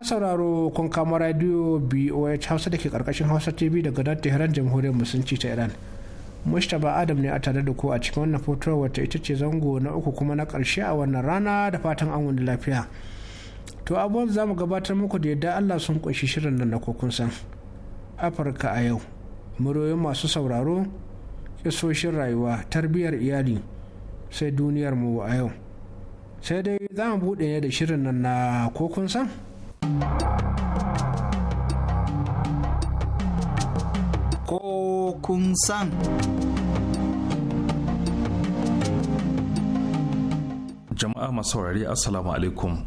sauraro kun kama radio boh hausa da ke karkashin hausa tv daga nan tehran jamhuriyar musulunci ta iran mustapha adam ne a tare da ku a cikin wannan fotowar wata ita ce zango na uku kuma na karshe a wannan rana da fatan an wani lafiya to abubuwan za mu gabatar muku da yadda allah sun kunshi shirin nan na kokun san afirka a yau muryoyin masu sauraro isoshin rayuwa tarbiyyar iyali sai duniyar mu a yau sai dai za mu buɗe ne da shirin nan na kokun san Ko kun san. Jama'a masu saurari Assalamu alaikum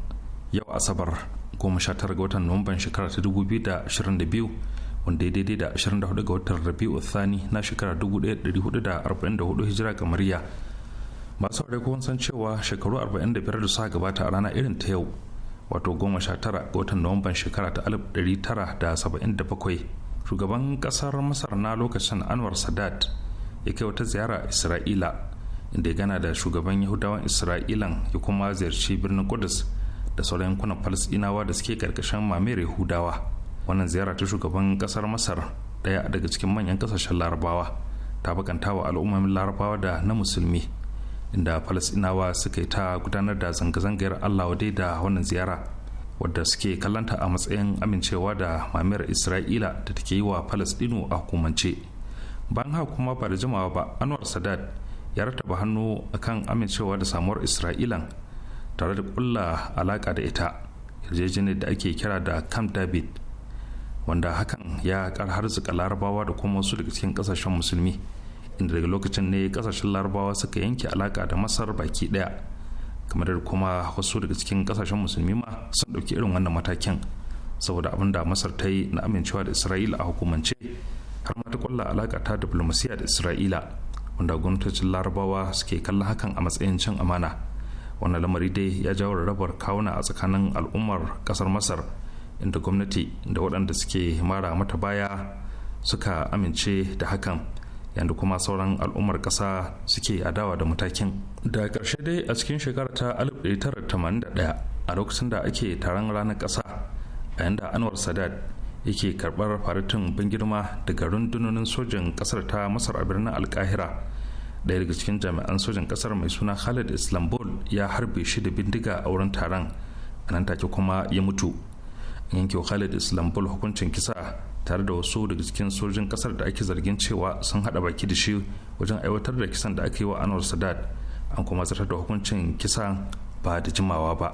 yau Asabar goma sha tara ga watan Nuwamban shekara ta dubu biyu da ashirin da biyu wanda ya daidai da 24 ga watan Rabi'u Thani na shekara hudu Hijira ga Mariya. Masu saurari kun san cewa shekaru 45 da suka gabata a rana irin ta yau wato goma 19 ga watan nuwamban shekara ta da da tara saba'in bakwai shugaban kasar masar na lokacin anwar sadat ya kai wata ziyara isra'ila inda ya gana da shugaban yahudawan isra'ilan ya kuma ziyarci birnin kudus da sauran yankunan falasɗinawa da suke karkashin mamayar yahudawa wannan ziyara ta shugaban kasar masar daya daga cikin manyan kasashen larabawa ta bakanta wa al'ummomin larabawa da na musulmi inda falasinawa suka yi ta gudanar da zanga-zangar allah wadai da wannan ziyara wadda suke kallanta a matsayin amincewa da mamiyar isra'ila da take yi wa falasdino a hukumance bayan haka kuma ba da jimawa ba anwar sadat ya rataba hannu akan amincewa da samuwar isra'ilan tare da kulla alaka da ita yarjejeniyar da ake kira da camp david wanda hakan ya har larabawa da kuma wasu daga cikin kasashen musulmi inda daga lokacin ne kasashen larabawa suka yanke alaka da masar baki daya kamar kuma wasu daga cikin kasashen musulmi ma sun dauki irin wannan matakin saboda abin da masar ta yi na amincewa da isra'ila a hukumance har ma ta kwalla alaka ta diplomasiya da isra'ila wanda gwamnatocin larabawa suke kallon hakan a matsayin cin amana wannan lamari dai ya jawo rarrabar kawuna a tsakanin al'ummar kasar masar inda gwamnati da waɗanda suke mara mata baya suka amince da hakan yadda kuma sauran al'ummar ƙasa suke adawa da matakin da ƙarshe dai a cikin shekarar ta 1981 a lokacin da ake taron ranar ƙasa a yadda anwar sadat yake karɓar faritin bin girma daga rundunonin sojin ƙasar ta masar a birnin alkahira ɗaya daga cikin jami'an sojin ƙasar mai suna khalid islambol ya harbe shi da bindiga a wurin taron a nan take kuma ya mutu yanke khalid islambol hukuncin kisa tare da wasu daga cikin sojin kasar da ake zargin cewa sun hada baki da shi wajen aiwatar da kisan da aka yi wa anwar sadat an kuma zartar da hukuncin kisan ba da jimawa ba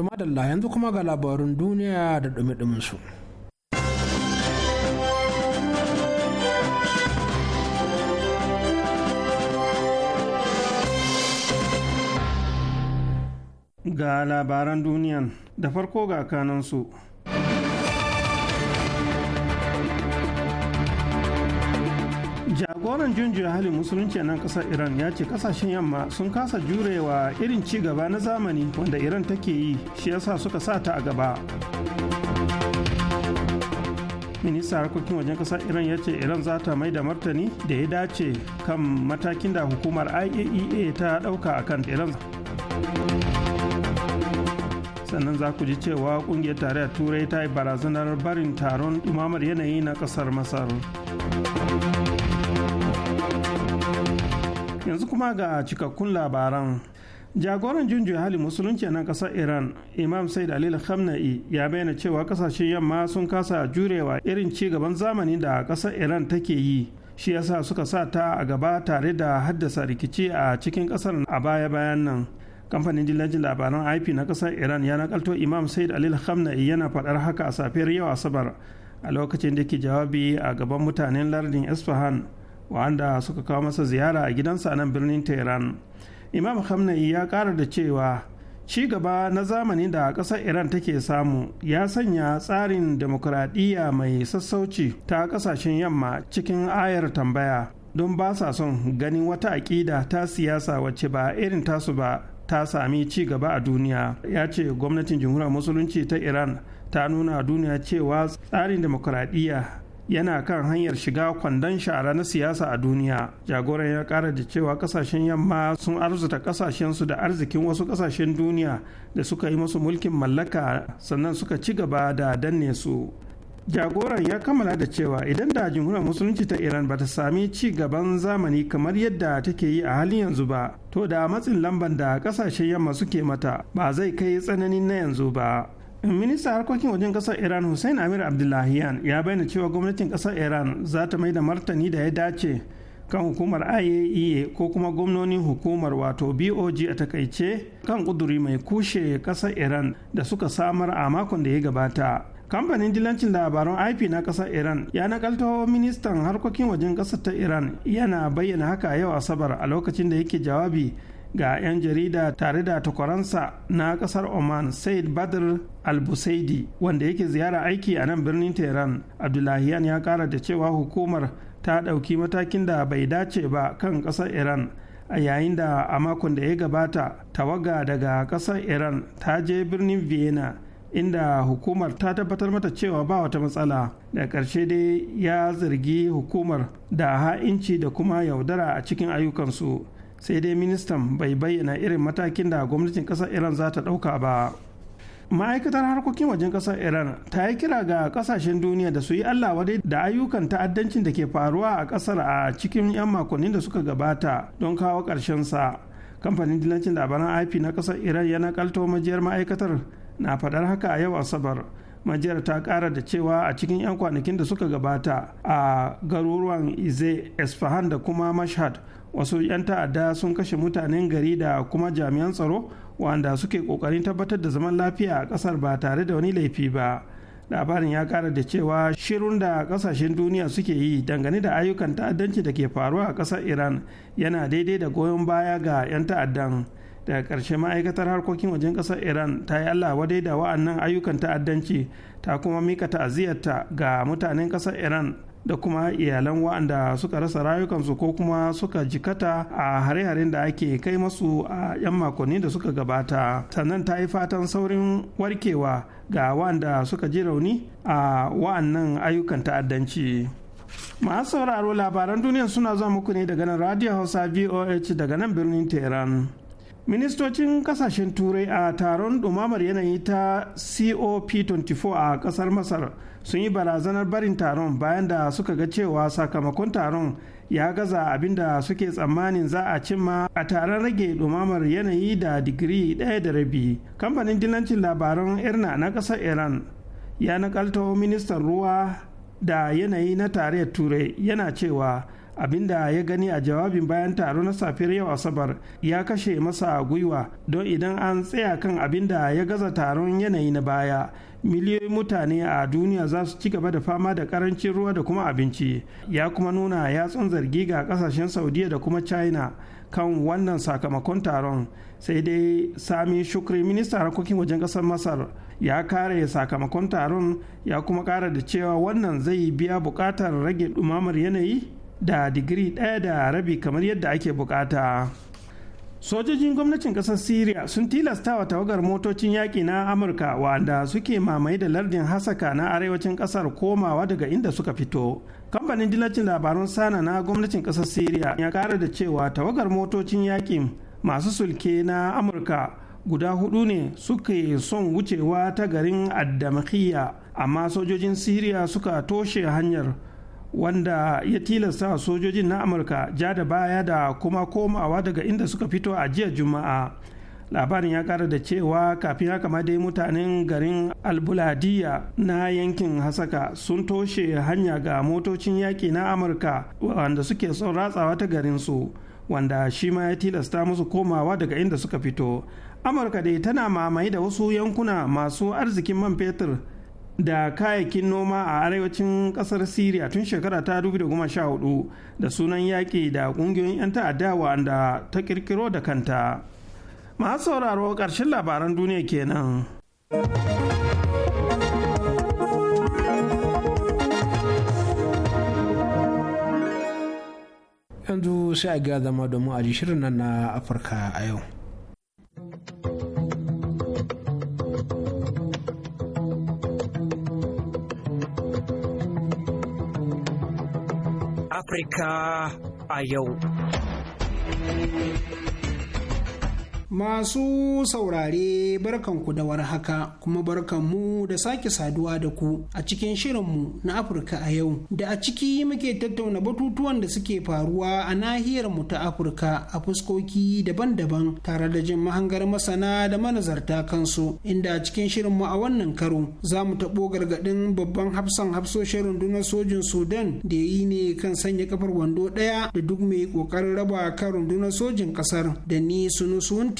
To madalla yanzu kuma ga labarun duniya da dumi su. Ga labaran duniyan da farko ga kanansu. jagoran junjin halin musulunci a nan kasar iran ya ce kasashen yamma sun kasa jurewa irin ci gaba na zamani wanda iran take yi shi yasa suka sa ta a gaba minista harkokin wajen kasar iran ya ce iran za ta mai da martani da ya dace kan matakin da hukumar iaea e ta dauka a kan iran sannan za ku ji cewa kungiyar tarayyar turai ta yi barazanar barin taron dumamar yanayi na kasar masar yanzu kuma ga cikakkun labaran jagoran junjuya hali musulunci na kasar iran imam said alil khamna'i ya bayyana cewa kasashen yamma sun kasa jurewa irin ci gaban zamani da kasar iran take yi shi yasa suka sa ta a gaba tare da haddasa rikici a cikin kasar a baya-bayan nan kamfanin dillacin labaran ip na kasar iran ya nakalto imam said alil khamna'i yana faɗar haka a safiyar yau asabar a lokacin da ke jawabi a gaban mutanen lardin isfahan wanda suka kawo masa ziyara a gidansa nan birnin tehran imam hamna'i ya kara da cewa ci gaba na zamani da ƙasar iran take samu ya sanya tsarin demokuraɗiyya mai sassauci ta ƙasashen yamma cikin ayar tambaya don ba sa son ganin wata aƙida ta siyasa wacce ba irin tasu ba ta sami ci gaba a duniya ya ce gwamnatin jamhuriyar musulunci ta iran ta nuna duniya cewa tsarin demokuraɗiyya yana kan hanyar shiga kwandon shara na siyasa a duniya jagoran ya kara da cewa kasashen yamma sun arzuta su da arzikin wasu kasashen duniya da suka yi musu mulkin mallaka sannan suka ci gaba da danne su jagoran ya kammala da cewa idan da jamhuriyar musulunci ta iran ba ta sami ci gaban zamani kamar yadda take yi a halin yanzu ba to da matsin lamban da kasashen yamma suke mata ba zai kai tsananin na yanzu ba ministan harkokin wajen kasar iran hussein amir abdullahiyan ya bayyana cewa gwamnatin kasar iran za ta mai da martani da ya dace kan hukumar iaea e ko kuma gwamnonin hukumar wato bog a takaice kan kuduri mai kushe kasar iran da suka samar a makon da ya gabata kamfanin dilancin labaran ip na kasar iran ya nakalto ministan harkokin wajen kasar ta iran yana bayyana haka yau asabar a lokacin da yake jawabi ga 'yan jarida tare da takwaransa na kasar oman said badr al-busaidi wanda yake ziyara aiki a nan birnin tehran abdullahiyan ya kara da cewa hukumar ta ɗauki matakin da bai dace ba kan ƙasar iran a yayin da a makon da ya gabata tawaga daga ƙasar iran ta je birnin vienna inda hukumar ta tabbatar mata cewa ba wata matsala da ƙarshe dai ya zargi hukumar da ha'inci da kuma yaudara a cikin ayyukansu sai dai ministan bai bayyana irin matakin da gwamnatin kasar iran za ta ɗauka ba ma'aikatar harkokin wajen kasar iran ta yi kira ga kasashen duniya da su yi allah wadai da ayyukan ta'addancin da ke faruwa a kasar a cikin 'yan makonnin da suka gabata don kawo ƙarshen sa kamfanin dilancin labaran ip na kasar iran yana kalto majiyar ma'aikatar na faɗar haka a yau asabar majiyar ta kara da cewa a cikin 'yan kwanakin da suka gabata a garuruwan ize esfahan da kuma mashhad wasu 'yan ta'adda sun kashe mutanen gari da kuma jami'an tsaro wanda suke kokarin tabbatar da zaman lafiya a kasar ba tare da wani laifi ba labarin ya kara da cewa shirun da kasashen duniya suke yi dangane da ayyukan ta'addanci da ke faruwa a kasar iran yana daidai da goyon baya ga 'yan ta'addan daga ƙarshe ma'aikatar harkokin wajen ƙasar iran ta yi allah wadai da wa'annan ayyukan ta'addanci ta kuma mika ta'aziyarta ga mutanen ƙasar iran da kuma iyalan wa'anda suka rasa rayukansu ko kuma suka jikata a hare-haren da ake kai masu a 'yan makonni da suka gabata sannan ta yi fatan saurin warkewa ga waɗanda suka ji rauni a wa'annan ayyukan ta'addanci masu sauraro labaran duniya suna zuwa muku ne daga nan radio hausa voh daga nan birnin tehran ministocin kasashen turai a taron ɗumamar yanayi ta cop 24 a ƙasar masar sun yi barazanar barin taron bayan da suka ga cewa sakamakon taron ya gaza abin da suke tsammanin za a cimma a taron rage dumamar yanayi da digiri ɗaya da rabi kamfanin dinancin labaran irna na ƙasar iran ya nakalto ministan ruwa da yanayi na tarayyar turai yana cewa abinda ya gani a jawabin bayan taro na safiyar yau asabar ya kashe masa gwiwa don idan an tsaya kan abinda ya gaza taron yanayi na baya miliyoyin mutane a duniya za su ci gaba da fama da karancin ruwa da kuma abinci ya kuma nuna ya yatsun zargi ga kasashen saudiya da kuma china kan wannan sakamakon taron sai dai sami shukri minista harkokin wajen kasar masar ya kare sakamakon taron ya kuma kara da cewa wannan zai biya bukatar rage dumamar yanayi da digiri ɗaya da rabi kamar yadda ake bukata. sojojin gwamnatin ƙasar syria sun tilasta wa tawagar motocin yaƙi na amurka wanda suke mamaye da lardin hasaka na arewacin ƙasar komawa daga inda suka fito kamfanin dilacin labarun sana na gwamnatin ƙasar syria ya kara da cewa tawagar motocin yaƙin masu sulke na amurka guda hudu ne suke son wucewa ta garin adamakiya amma sojojin syria suka toshe hanyar wanda ya tilasta sojojin na amurka ja da baya da kuma komawa daga inda suka fito a jiya juma'a labarin ya kara da cewa kafin haka ma dai mutanen garin albuladiya na yankin hasaka sun toshe hanya ga motocin yaƙi na amurka wanda suke son ratsawa ta garinsu wanda shi ma ya tilasta musu komawa daga inda suka fito amurka dai tana mamaye da wasu yankuna masu arzikin man fetur da kayayyakin noma a arewacin kasar siriya tun shekara ta 2014 da sunan yaƙi da ƙungiyoyin 'yan ta'adda wanda ta kirkiro da kanta masu sauraro ƙarshen labaran duniya kenan yanzu sai a ga zama domin a shirin nan na afirka a yau Afirka a yau. Masu saurare barkanku da warhaka haka kuma barkanmu da sake saduwa da ku a cikin shirin mu na Afirka a yau da a ciki muke tattauna batutuwan da suke faruwa a nahiyar mu ta Afirka a fuskoki daban-daban tare da jin mahangar masana da manazarta kansu inda a cikin mu a wannan karo za mu taɓo gargaɗin babban hafsan hafsoshin rundunar sojin Sudan da yi ne kan sanya kafar wando ɗaya da duk mai ƙoƙarin raba kan rundunar sojin ƙasar da ni sunusunti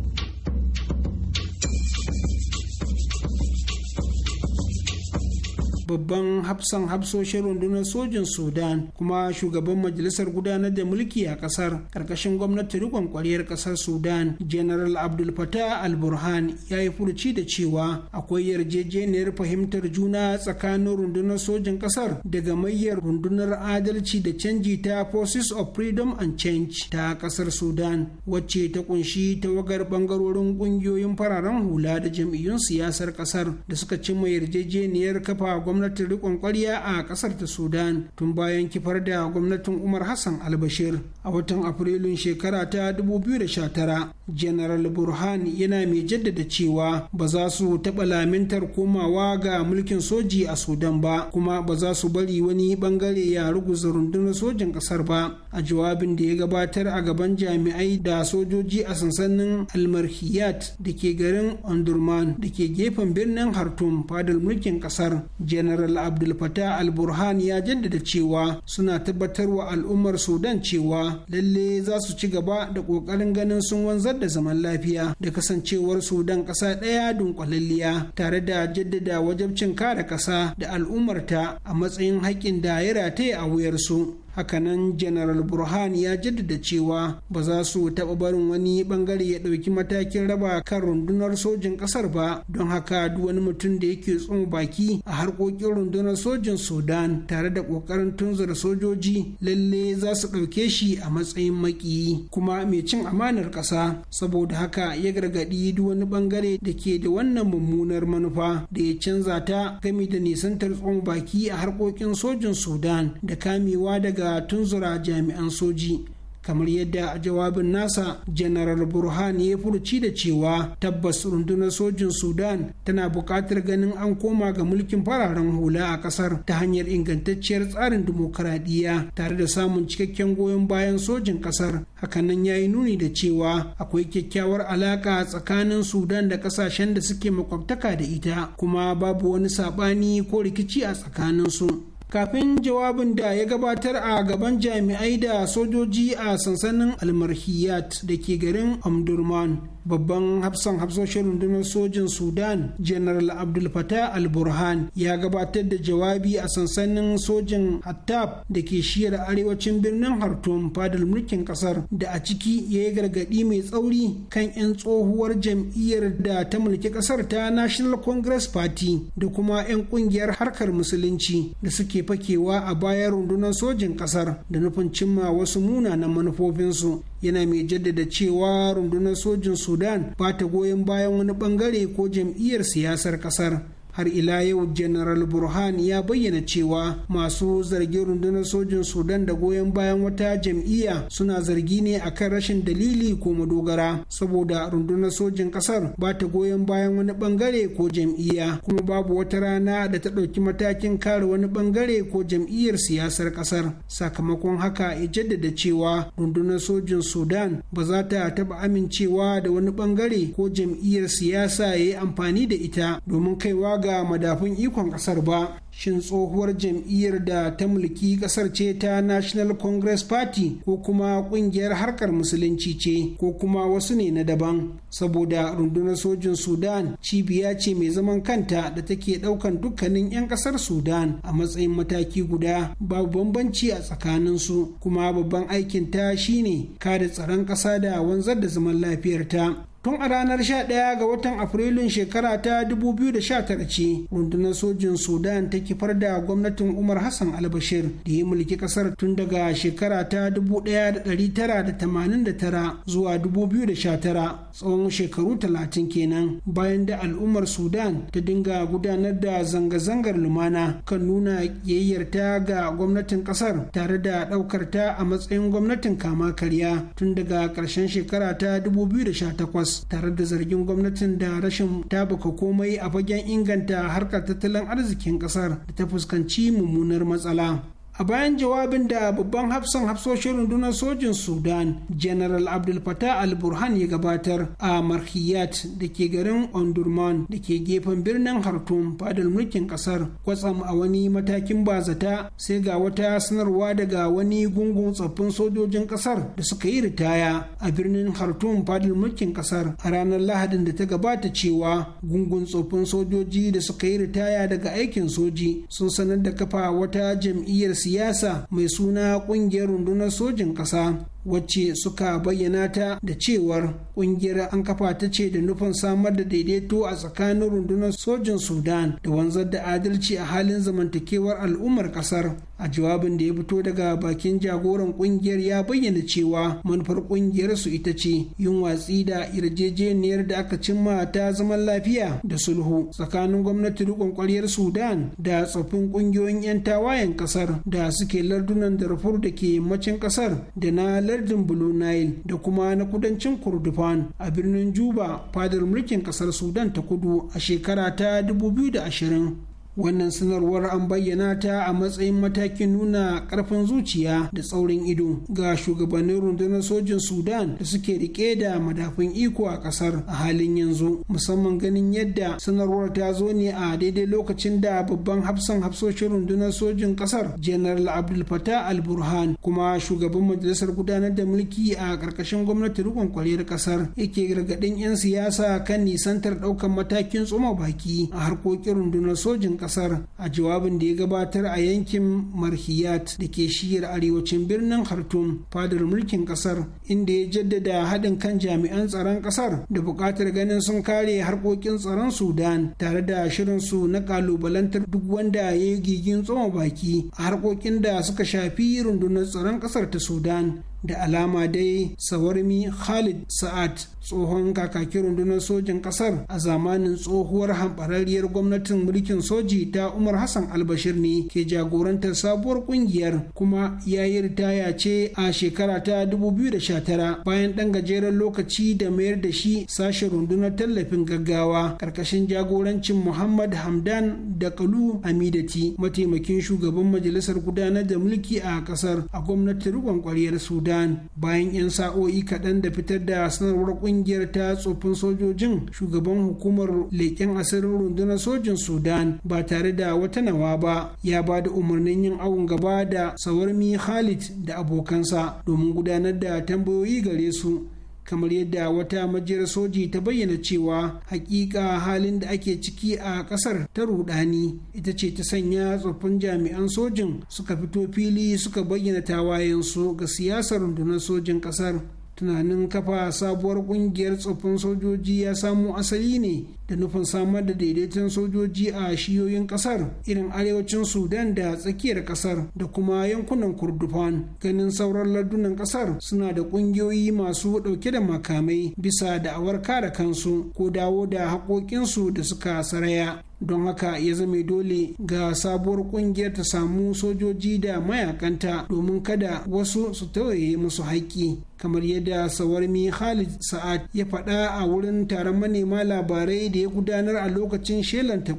babban hafsan hafsoshin rundunar sojin sudan kuma shugaban majalisar gudanar da mulki a kasar karkashin gwamnati rikon kwaryar kasar sudan general abdul fatah al burhan ya yi furuci da cewa akwai yarjejeniyar fahimtar juna tsakanin rundunar sojin kasar daga mayyar rundunar adalci da canji ta forces of freedom and change ta kasar sudan wacce ta kunshi tawagar bangarorin ƙungiyoyin fararen hula da jam'iyyun siyasar kasar da suka cimma yarjejeniyar kafa gwamnati gwamnatin rikon kwarya a kasar ta sudan tun bayan kifar da gwamnatin umar hassan albashir a watan afrilun shekara ta 2019 general burhan yana mai jaddada cewa ba za su taɓa lamintar komawa ga mulkin soji a sudan ba kuma ba za su bari wani bangare ya ruguza rundunar sojin kasar ba a jawabin da ya gabatar a gaban jami'ai da sojoji a sansanin almarhiyat da ke garin ondurman da ke gefen birnin hartum fadar mulkin kasar general janaral abdul fata al burhan ya jaddada cewa suna tabbatar wa al'ummar sudan cewa lalle za su ci gaba da ƙoƙarin ganin sun wanzar da zaman lafiya da kasancewar sudan ƙasa ɗaya dunkwalalliya tare da jaddada wajabcin kare ƙasa da al'ummarta a matsayin haƙƙin da ya rataye a wuyarsu hakanan general burhan ya jaddada cewa ba za su taɓa barin wani bangare ya ɗauki matakin raba kan rundunar sojin ƙasar ba don haka duk wani mutum da yake tsoma baki a harkokin rundunar sojin sudan tare da ƙoƙarin tunzura sojoji lalle za su ɗauke shi a matsayin maƙiyi kuma mai cin amanar ƙasa saboda haka ya gargaɗi duk wani bangare da ke da wannan mummunar manufa da ya canza ta gami da nisantar tsoma baki a harkokin sojin sudan da kamewa daga ga tunzura jami'an soji kamar yadda a jawabin nasa janaral burhan ya furuci da cewa tabbas rundunar sojin sudan tana buƙatar ganin an koma ga mulkin fararen hula a ƙasar ta hanyar ingantacciyar tsarin dimokuraɗiyya tare da samun cikakken goyon bayan sojin ƙasar hakanan ya yi nuni da cewa akwai kyakkyawar alaƙa tsakanin sudan da ƙasashen da suke makwabtaka da ita kuma babu wani saɓani ko rikici a tsakaninsu kafin jawabin da ya gabatar a gaban jami'ai da sojoji a sansanin almarhiyat da ke garin omdurman babban hafsan hafsoshin rundunar sojin sudan general abdul fatah al-burhan ya gabatar da jawabi a sansanin sojin hattab da ke shiyar arewacin birnin hartum fadar mulkin kasar da a ciki ya yi gargaɗi mai tsauri kan 'yan tsohuwar jam'iyyar da ta mulki kasar ta national congress party da kuma 'yan kungiyar harkar musulunci da suke fakewa a bayan rundunar sojin kasar da nufin cimma wasu munanan manufofinsu yana mai jaddada cewa rundunar sojin sudan ba ta goyon bayan wani bangare ko jam'iyyar siyasar kasar har ila yau general burhan ya bayyana cewa masu zargin rundunar sojin sudan da goyon bayan wata jam'iyya suna zargi ne akan rashin dalili ko madogara saboda rundunar sojin kasar ba ta goyon bayan wani bangare ko jam'iyya kuma babu wata rana da ta ɗauki matakin kare wani bangare ko jam'iyyar siyasar kasar sakamakon haka ya jaddada cewa rundunar sojin sudan ba za ta taɓa amincewa da wani bangare ko jam'iyyar siyasa ya yi amfani da ita domin kaiwa ga madafun ikon kasar ba shin tsohuwar jam'iyyar da ta mulki kasar ce ta national congress party ko kuma kungiyar harkar musulunci ce ko kuma wasu ne na daban saboda rundunar sojin sudan cibiya ce mai zaman kanta da take daukan dukkanin 'yan kasar sudan a matsayin mataki guda babu bambanci a tsakaninsu kuma babban aikin ta shine kare tsaron kasa da wanzar da zaman lafiyarta tun a ranar 11 ga watan afrilun shekara ta 2019 ce rundunar sojin sudan ta kifar da gwamnatin umar hassan albashir da ya mulki kasar tun daga shekara ta 1989 zuwa 2019 tsawon shekaru 30 kenan bayan da al'ummar sudan ta dinga gudanar da zanga-zangar lumana kan nuna yayyarta ga gwamnatin kasar tare da ɗaukar ta a matsayin gwamnatin kama karya tun daga ƙarshen shekara ta 2018 tare da zargin gwamnatin da rashin baka komai a fagen inganta harkar tattalin arzikin kasar da ta fuskanci mummunar matsala. a bayan jawabin da babban hafsan hafsoshin rundunar sojin sudan general abdul fatah al-burhan ya gabatar a marhiyat da ke garin ondurman da ke gefen birnin hartum fadar mulkin kasar kwatsam a wani matakin bazata sai ga wata sanarwa daga wani gungun tsoffin sojojin kasar da suka yi ritaya a birnin hartum fadar mulkin kasar a ranar lahadin da ta gabata cewa gungun tsoffin sojoji da suka yi ritaya daga aikin soji sun sanar da kafa wata jam'iyyar siyasa mai suna kungiyar rundunar sojin ƙasa wacce suka bayyana ta da cewar kungiyar an kafa ta ce da nufin samar da daidaito a tsakanin rundunar sojin sudan da wanzar da adalci a halin zamantakewar al'ummar kasar a jawabin da ya fito daga bakin jagoran kungiyar ya bayyana cewa manufar kungiyar su ita ce yin watsi da yarjejeniyar da aka cimma ta zaman lafiya da sulhu tsakanin gwamnati rikon kwaryar sudan da tsoffin kungiyoyin 'yan tawayen kasar da suke lardunan darfur da ke yammacin kasar da na lardin blue nile da kuma na kudancin kurdufan a birnin juba fadar mulkin kasar sudan ta kudu a shekara ta 2020 wannan sanarwar an bayyana ta a matsayin matakin nuna karfin zuciya da tsaurin ido ga shugabannin rundunar sojin sudan da suke rike da madafin iko a kasar a halin yanzu musamman ganin yadda sanarwar ta zo ne a daidai lokacin da babban hafsan hafsoshin rundunar sojin kasar general abdul fatah al burhan kuma shugaban majalisar gudanar da mulki a ƙarƙashin gwamnati rikon kwaliyar kasar yake gargadin 'yan siyasa kan nisantar daukan matakin tsoma baki a harkokin rundunar sojin kasar a jawabin da ya gabatar a yankin marhiyat da ke shiyar arewacin birnin khartoum fadar mulkin kasar inda ya jaddada haɗin kan jami'an tsaron kasar da buƙatar ganin sun kare harkokin tsaron sudan tare da shirinsu na kalubalantar duk wanda ya yi gigin tsoma baki a harkokin da suka shafi rundunar tsaron kasar ta sudan da alama dai sawarmi khalid sa'ad tsohon kakakin rundunar sojin kasar a zamanin tsohuwar hambararriyar gwamnatin mulkin soji ta umar hassan albashir ne ke jagorantar sabuwar kungiyar kuma ya yi ritaya ce a shekara ta 2019 bayan dan gajeren lokaci da mayar da shi sashen rundunar tallafin gaggawa karkashin jagorancin muhammad hamdan da kalu hamidati mataimakin shugaban majalisar gudanar da mulki a kasar a gwamnatin rikon ƙwaryar sudan Sudan. bayan 'yan sa'o'i kaɗan da fitar da sanarwar ƙungiyar ta tsofin sojojin shugaban hukumar leƙen asirin rundunar sojin sudan ba tare da wata nawa ba ya ba da umarnin yin awon gaba da sawarmi khalid da abokansa domin gudanar da tambayoyi gare su kamar yadda wata majiyar soji ta bayyana cewa hakika halin da ake ciki a kasar ta rudani ita ce ta sanya tsoffin jami'an sojin suka fito fili suka bayyana tawayensu ga siyasar rundunar sojin kasar tunanin kafa sabuwar kungiyar tsoffin sojoji ya samo asali ne da nufin samar da daidaiton sojoji a shiyoyin kasar irin arewacin sudan da tsakiyar kasar da kuma yankunan kurdufan ganin sauran lardunan kasar suna da kungiyoyi masu dauke da makamai bisa da awarka kare kansu ko dawo da haƙoƙinsu da suka saraya don haka ya zame dole ga sabuwar kungiyar ta samu sojoji da mayakanta domin kada wasu su tauye musu haƙƙi kamar yadda sawarmi khalid sa'ad ya faɗa a wurin taron manema labarai da ya gudanar a lokacin shelanta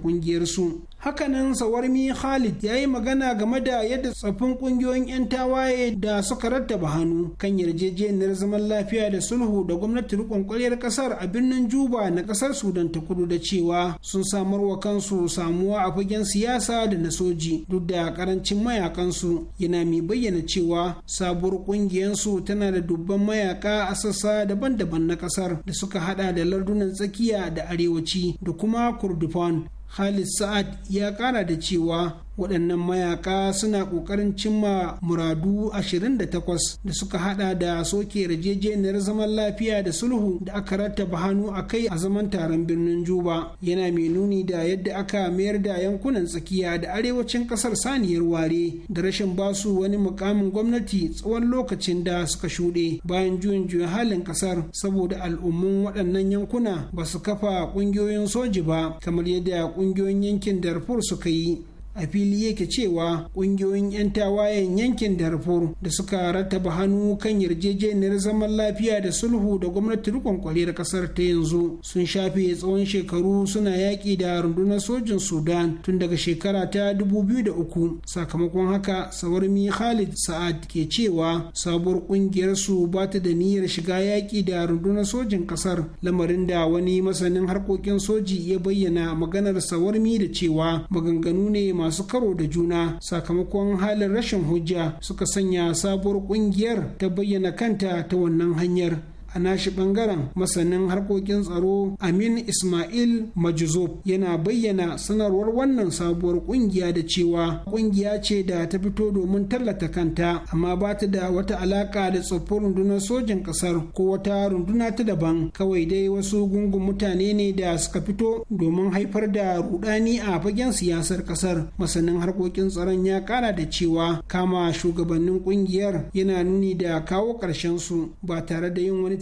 su. hakanan sawarmi khalid ya yi magana game da yadda tsaffin kungiyoyin 'yan tawaye da suka rattaba hannu kan yarjejeniyar zaman lafiya da sulhu da gwamnati rikon kwaryar kasar a birnin juba na kasar sudan ta kudu da cewa sun samar wa kansu samuwa a fagen siyasa da na soji duk da karancin mayakansu yana mai bayyana cewa sabuwar kungiyansu tana da dubban mayaka a sassa daban-daban na kasar da suka hada da lardunan tsakiya da arewaci da kuma kurdufan Khalid Sa'ad ya kara da cewa waɗannan mayaka suna ƙoƙarin cimma muradu 28 da suka hada da soke yarjejeniyar zaman lafiya da sulhu da aka rattaba hannu a kai a zaman taron birnin juba yana mai nuni da yadda aka mayar da yankunan tsakiya da arewacin ƙasar saniyar ware da rashin basu wani mukamin gwamnati tsawon lokacin da suka shuɗe bayan juyin juyin halin ƙasar saboda al'ummun waɗannan yankuna ba su kafa ƙungiyoyin soji ba kamar yadda ƙungiyoyin yankin darfur suka yi a fili yake cewa kungiyoyin 'yan tawayen yankin darfur da suka rattaba hannu kan yarjejeniyar zaman lafiya da sulhu da gwamnati rikon kwaliyar kasar ta yanzu sun shafe tsawon shekaru suna yaƙi da rundunar sojin sudan tun daga shekara ta 2003 sakamakon haka sawarmi khalid sa'ad ke cewa sabuwar kungiyar su ba ta da niyyar shiga yaƙi da rundunar sojin kasar lamarin da wani masanin harkokin soji ya bayyana maganar sawarmi da cewa maganganu ne masu karo da juna sakamakon halin rashin hujja suka sanya sabuwar kungiyar ta bayyana kanta ta wannan hanyar a nashi bangaren masanin harkokin tsaro amin ismail majuzub yana bayyana sanarwar wannan sabuwar kungiya da cewa kungiya ce da ta fito domin tallata kanta amma ba ta da wata alaka da tsoffin rundunar sojin kasar ko wata runduna ta daban kawai dai wasu gungun mutane ne da suka fito domin haifar da rudani a fagen siyasar kasar masanin harkokin tsaron ya kara da cewa kama shugabannin kungiyar yana nuni da kawo ƙarshen su ba tare da yin wani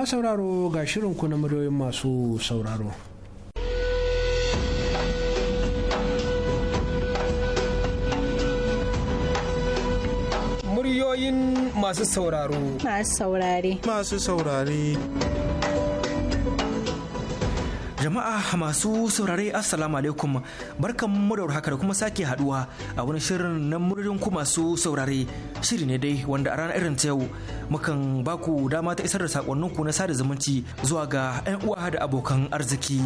ma sauraro ga shirinku na muryoyin masu sauraro. Muryoyin masu sauraro. Masu saurare. Masu saurare. Jama'a masu saurare Assalamu alaikum barkan mu haka da kuma sake haduwa a wani shirin na muririn ku masu saurare shiri ne dai wanda a ranar irin ta yau mukan baku dama ta isar da sakonnin ku na sada zumunci zuwa ga 'yan uwa da abokan arziki.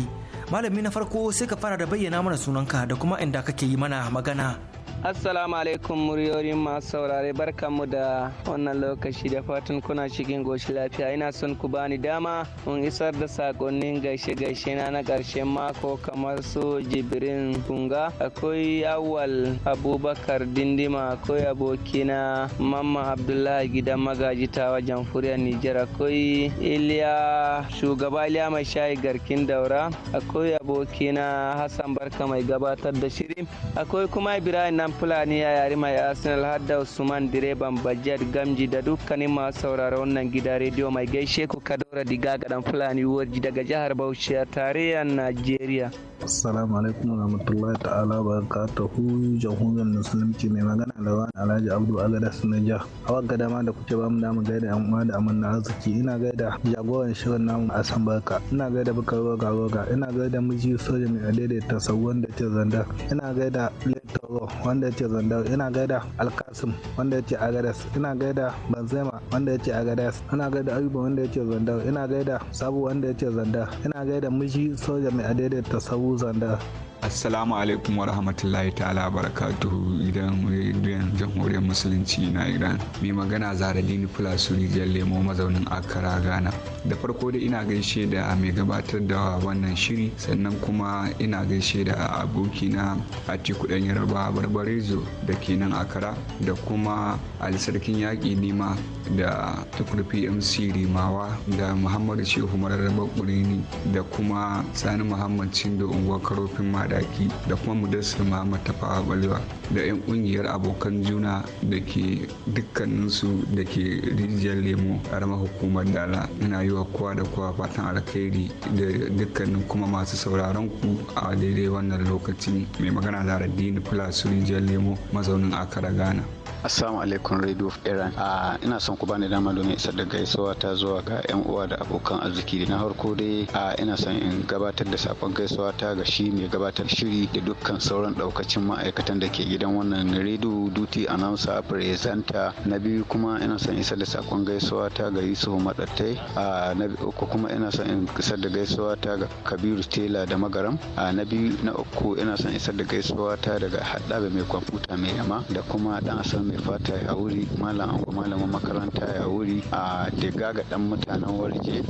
Malami na farko sai ka fara da bayyana mana sunanka da kuma inda kake yi mana magana. assalamu alaikum muryoyin masu saurare barkanmu da wannan lokaci da fatan kuna cikin goshi lafiya ina son ku bani dama mun isar da sakonnin gaishe gaishe na na karshen mako kamar su jibrin kunga akwai awal abubakar dindima akwai abokina mamma abdullahi gidan magaji ta wajen furiyar nijar akwai iliya shugaba iliya mai shayi garkin daura akwai abokina hassan barka mai gabatar da shiri akwai kuma ibrahim fulani ya yari mai arsenal har da usman direban bajet gamji da dukkanin masu sauraron wannan gida rediyo mai gaishe ku kadora diga gadan fulani warji daga jihar bauchi a tarayyar najeriya assalamu alaikum wa rahmatullahi ta'ala wa barakatuhu musulunci mai magana da wani alhaji Abdul Agada naija a wakka dama da kuke bamu damu gaida yan uwa da na arziki ina gaida jagoran shirin namu a san barka ina gaida bukar roga roga ina gaida miji soja mai adaidaita sabuwan wanda ke zanda ina gaida lettoro wanda wanda yake zandau ina gaida alkasim wanda yake agadas ina gaida banzema wanda yake agadas ina gaida ayuba wanda yake zandau ina gaida sabu wanda yake zanda ina gaida mishi soja mai adaidaita sabu zanda assalamu alaikum wa rahmatullahi ta'ala barakatuhu idan rediyon jamhuriyar musulunci na iran mai magana zara dini fulasu rijiyar lemo mazaunin akara gana da farko da ina gaishe da mai gabatar da wannan shiri sannan kuma ina gaishe da abokina atiku dan yarba barbarezo da ke nan akara da kuma alisarkin yaƙi nima da tukurfi mc rimawa da muhammadu shehu mararraba ƙuri da kuma sani muhammad cindo unguwar karofin mada madaki da kuma mudassir muhammad tafawa balewa da 'yan kungiyar abokan juna da ke dukkaninsu da ke rijiyar lemo karamar hukumar dala ina yi wa kowa da kowa fatan alkhairi da dukkanin kuma masu sauraron ku a daidai wannan lokaci mai magana da radini plus rijiyar lemo mazaunin akara ghana Assalamu alaikum Radio Iran. A ina son ku bani dama domin isar da gaisuwa ta zuwa ga yan uwa da abokan arziki. Na farko dai a ina son in gabatar da sakon gaisuwa ta ga shi mai gabatar buƙatar shiri da dukkan sauran daukacin ma'aikatan da ke gidan wannan redu duty announcer presenter na biyu kuma ina son isar da sakon gaisuwa ta ga yusuf madattai a na uku kuma ina son in isar da gaisuwa ta ga kabiru tela da magaram a na biyu na uku ina son isar da gaisuwa ta daga haɗaɓe mai kwamfuta mai yama da kuma dan asan mai fata ya wuri malam anko malamin makaranta ya wuri a diga ga dan mutanen warje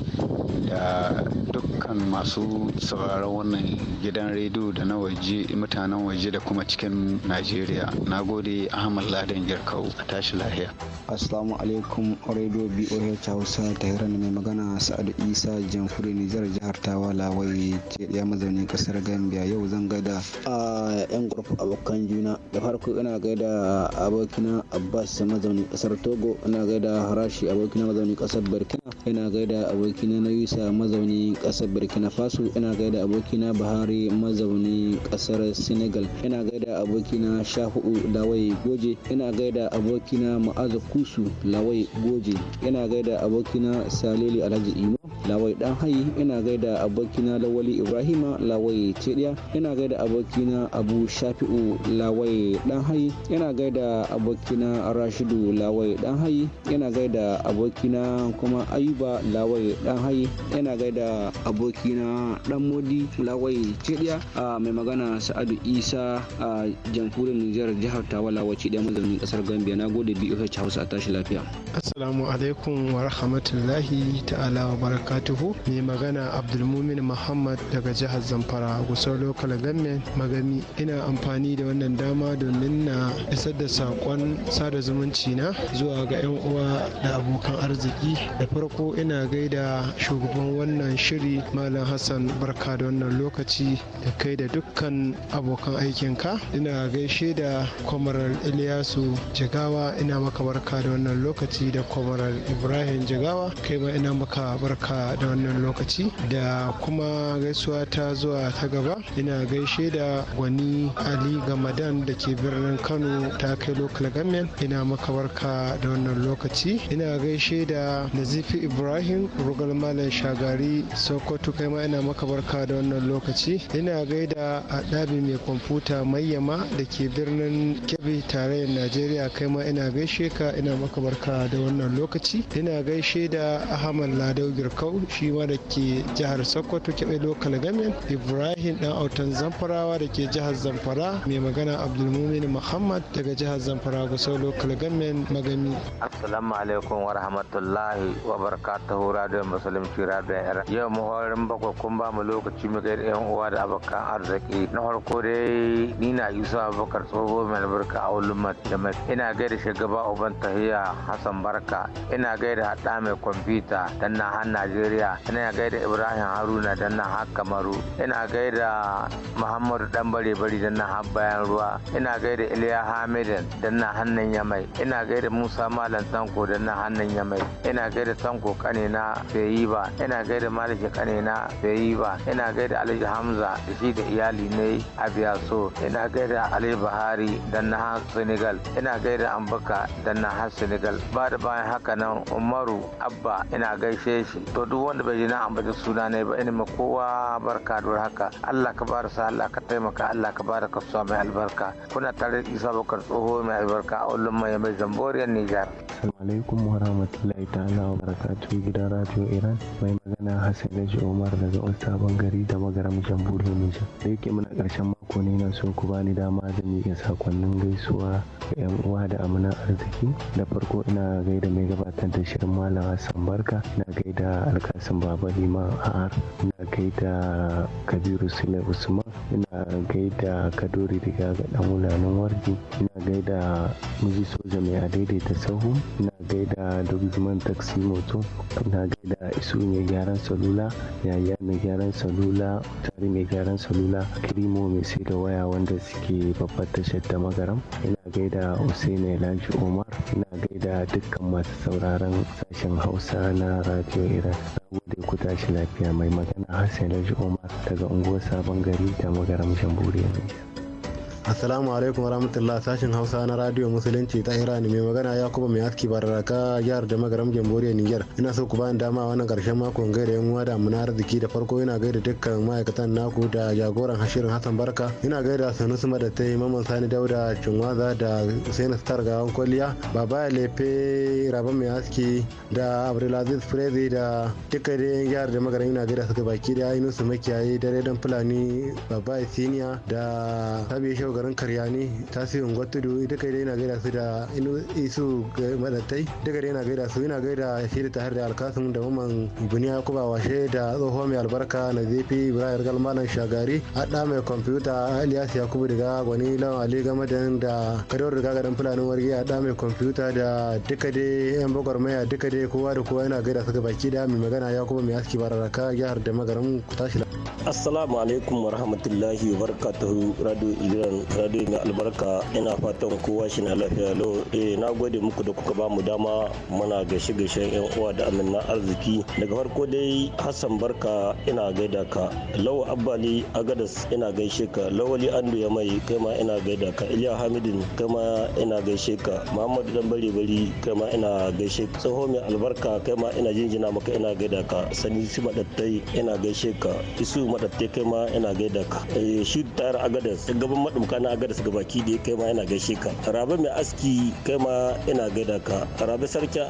da dukkan masu sauraron wannan gidan rediyo da na waje mutanen waje da kuma cikin najeriya na gode ahmad ladan girkau a tashi lahiya assalamu alaikum radio boh hausa ta hira mai magana sa'adu isa jamhuri nijar jihar tawa lawai ce ya mazauni kasar gambia yau zan gada a yan gurfa abokan juna da farko ina gaida abokina abbas mazauni kasar togo ina gaida harashi abokina mazauni kasar burkina ina gaida abokina na mazauni kasar burkina faso ina gaida abokina buhari mazauni mazaunin kasar senegal yana gaida abokina shahu lawai goje yana gaida abokina ma'azu kusu lawai goje yana gaida abokina salili alhaji imo lawai dan hayi yana gaida abokina lawali ibrahima lawai cediya yana gaida abokina abu shafi'u lawai dan hayi yana gaida abokina rashidu lawai dan hayi yana gaida abokina kuma ayuba lawai dan hayi yana gaida abokina dan modi lawai cediya a ah, mai magana sa'adu isa a jamhuriyar nijar jihar tawala wacce ɗaya mazaunin ƙasar gambia na gode biyu hausa a tashi lafiya assalamu alaikum wa rahmatullahi ta'ala wa barakatuhu mai magana abdulmumin muhammad daga jihar zamfara gusa local government magami ina amfani da wannan dama domin na isar da saƙon sada zumunci na zuwa ga 'yan uwa da abokan arziki da farko ina gaida shugaban wannan shiri malam hassan barka da wannan lokaci da kai da da dukkan abokan aikinka ina gaishe da kwamarar iliyasu jigawa ina maka barka da wannan lokaci da kwamarar ibrahim jigawa kai ma ina maka barka da wannan lokaci da kuma gaisuwa ta zuwa ta gaba ina gaishe da gwani ali gamadan da ke birnin kano ta kai local government ina maka barka da wannan lokaci ina gaishe da nazifi ibrahim rugal malam shagari sokoto kai ma ina maka barka da wannan lokaci ina gaida A ɗabi mai kwamfuta mayyama da ke birnin kebbi tarayyar najeriya kai ma ina gaishe ka ina maka barka da wannan lokaci ina gaishe da ahmad ladau girkau shi ma da ke jihar sokoto kebe lokal government ibrahim dan autan zamfarawa da ke jihar zamfara mai magana abdulmumin muhammad daga jihar zamfara ga sau lokal government magami assalamu alaikum wa rahmatullahi wa barakatuhu radio musulunci radio yau muhawarin bakwai kun ba mu lokaci mu ga yan uwa da abokan arziki na farko dai ni na isa abubakar tsoho mai albarka a ulumar jamus ina gaida shugaba uban tahiya hassan barka ina gaida hada mai kwamfuta dan na har najeriya ina gaida ibrahim haruna dan na har kamaru ina gaida muhammadu dan bare bari dan na har bayan ruwa ina gaida iliya hamidin dan na hannun yamai ina gaida musa malam tanko dan na hannun yamai ina gaida tanko kane na ba ina gaida malaki kane na ba ina gaida alhaji hamza da shi da iyali ne a biya so ina gaida ali bahari dan na senegal ina gaida ambaka dan na senegal ba da bayan haka nan umaru abba ina gaishe shi to duk wanda bai ji na ambaci suna ne ba ina ma kowa barka da haka allah ka bar sa allah ka taimaka allah ka ka kasuwa mai albarka kuna tare da isa bakar tsoho mai albarka a wallon mai mai zamboriyar nijar alaikum wa rahmatullahi ta'ala wa barakatuhu gidan radio iran mai magana hassan laji umar daga ulta bangare da magaram jamhuriyar nijar da yake muna karshen mako ne na so ku bani dama zan miƙa sakonnin gaisuwa ga yan uwa da amina arziki da farko ina gaida mai gabatar da shirin malama Sambarka, na gaida alkasin baba liman har ina gaida kabiru sule usman ina gaida kadori riga ga dan wulanin warji ina gaida miji soja mai adaidaita sahu ina gaida zuman taxi moto ina gaida isu mai gyaran salula yaya mai gyaran salula tare mai gyaran salula suna kirimu mai sai da waya wanda suke babbar tashar da magaram. Ina gaida Usaini laji Omar. Ina gaida dukkan masu sauraron sashen Hausa na Radio Iran. gode ku tashi lafiya mai magana Hassan Elaji Omar daga unguwar Sabon Gari da magaram Jamhuriyar nigeria Assalamu alaikum warahmatullahi sashin Hausa na Radio Musulunci ta Iran mai magana Yakubu mai aski bararaka jihar da magaram jamhuriyar Niger. Ina so ku bani dama wannan karshen makon gaida yan uwa da mun arziki da farko ina gaida dukkan ma'aikatan naku da jagoran hashirin Hassan Barka. Ina gaida da tai Maman Sani Dauda Cinwaza da Hussein Star ga kwalliya Baba Lefe Rabon mai aski da Abdulaziz Frezi da duka da yan jihar da magaram ina gaida suka baki da Inusu Makiyayi da Redan Fulani Baba Siniya da Sabi Shau garin karyani ta tasiri unguwar tudu duka dai na gaida su da inu isu madattai duka dai na gaida su yana gaida shi da tahar da alkasun da maman buniya kuba washe da tsoho mai albarka na zafi ibrahim galmalan shagari adda mai kwamfuta alias yakubu daga gwani lawan ali gamadan da kadawar riga gadan fulanin wargi adda mai kwamfuta da duka dai yan bakwar maya duka dai kowa da kowa yana gaida su ga baki da mai magana ya kuma mai aski bararraka jihar da magarin ku tashi assalamu alaikum wa rahmatullahi wa barakatuhu radio iran radio mai albarka ina fatan kowa shi na lafiya lo eh na gode muku da kuka ba mu dama muna gaishe gaishen yan uwa da amina arziki daga farko dai hassan barka ina gaida ka lawa abbali agadas ina gaishe ka lawali andu ya mai kai ma ina gaida ka iliya hamidin kai ma ina gaishe ka muhammadu dan bari bari kai ma ina gaishe ka tsoho mai albarka kai ma ina jinjina maka ina gaida ka sani su madattai ina gaishe ka isu madattai kai ma ina gaida ka eh, shi tayar agadas gaban madumka aboka na agada baki da kai ma ina gaishe ka rabe mai aski kai ma ina gaida ka rabe sarkin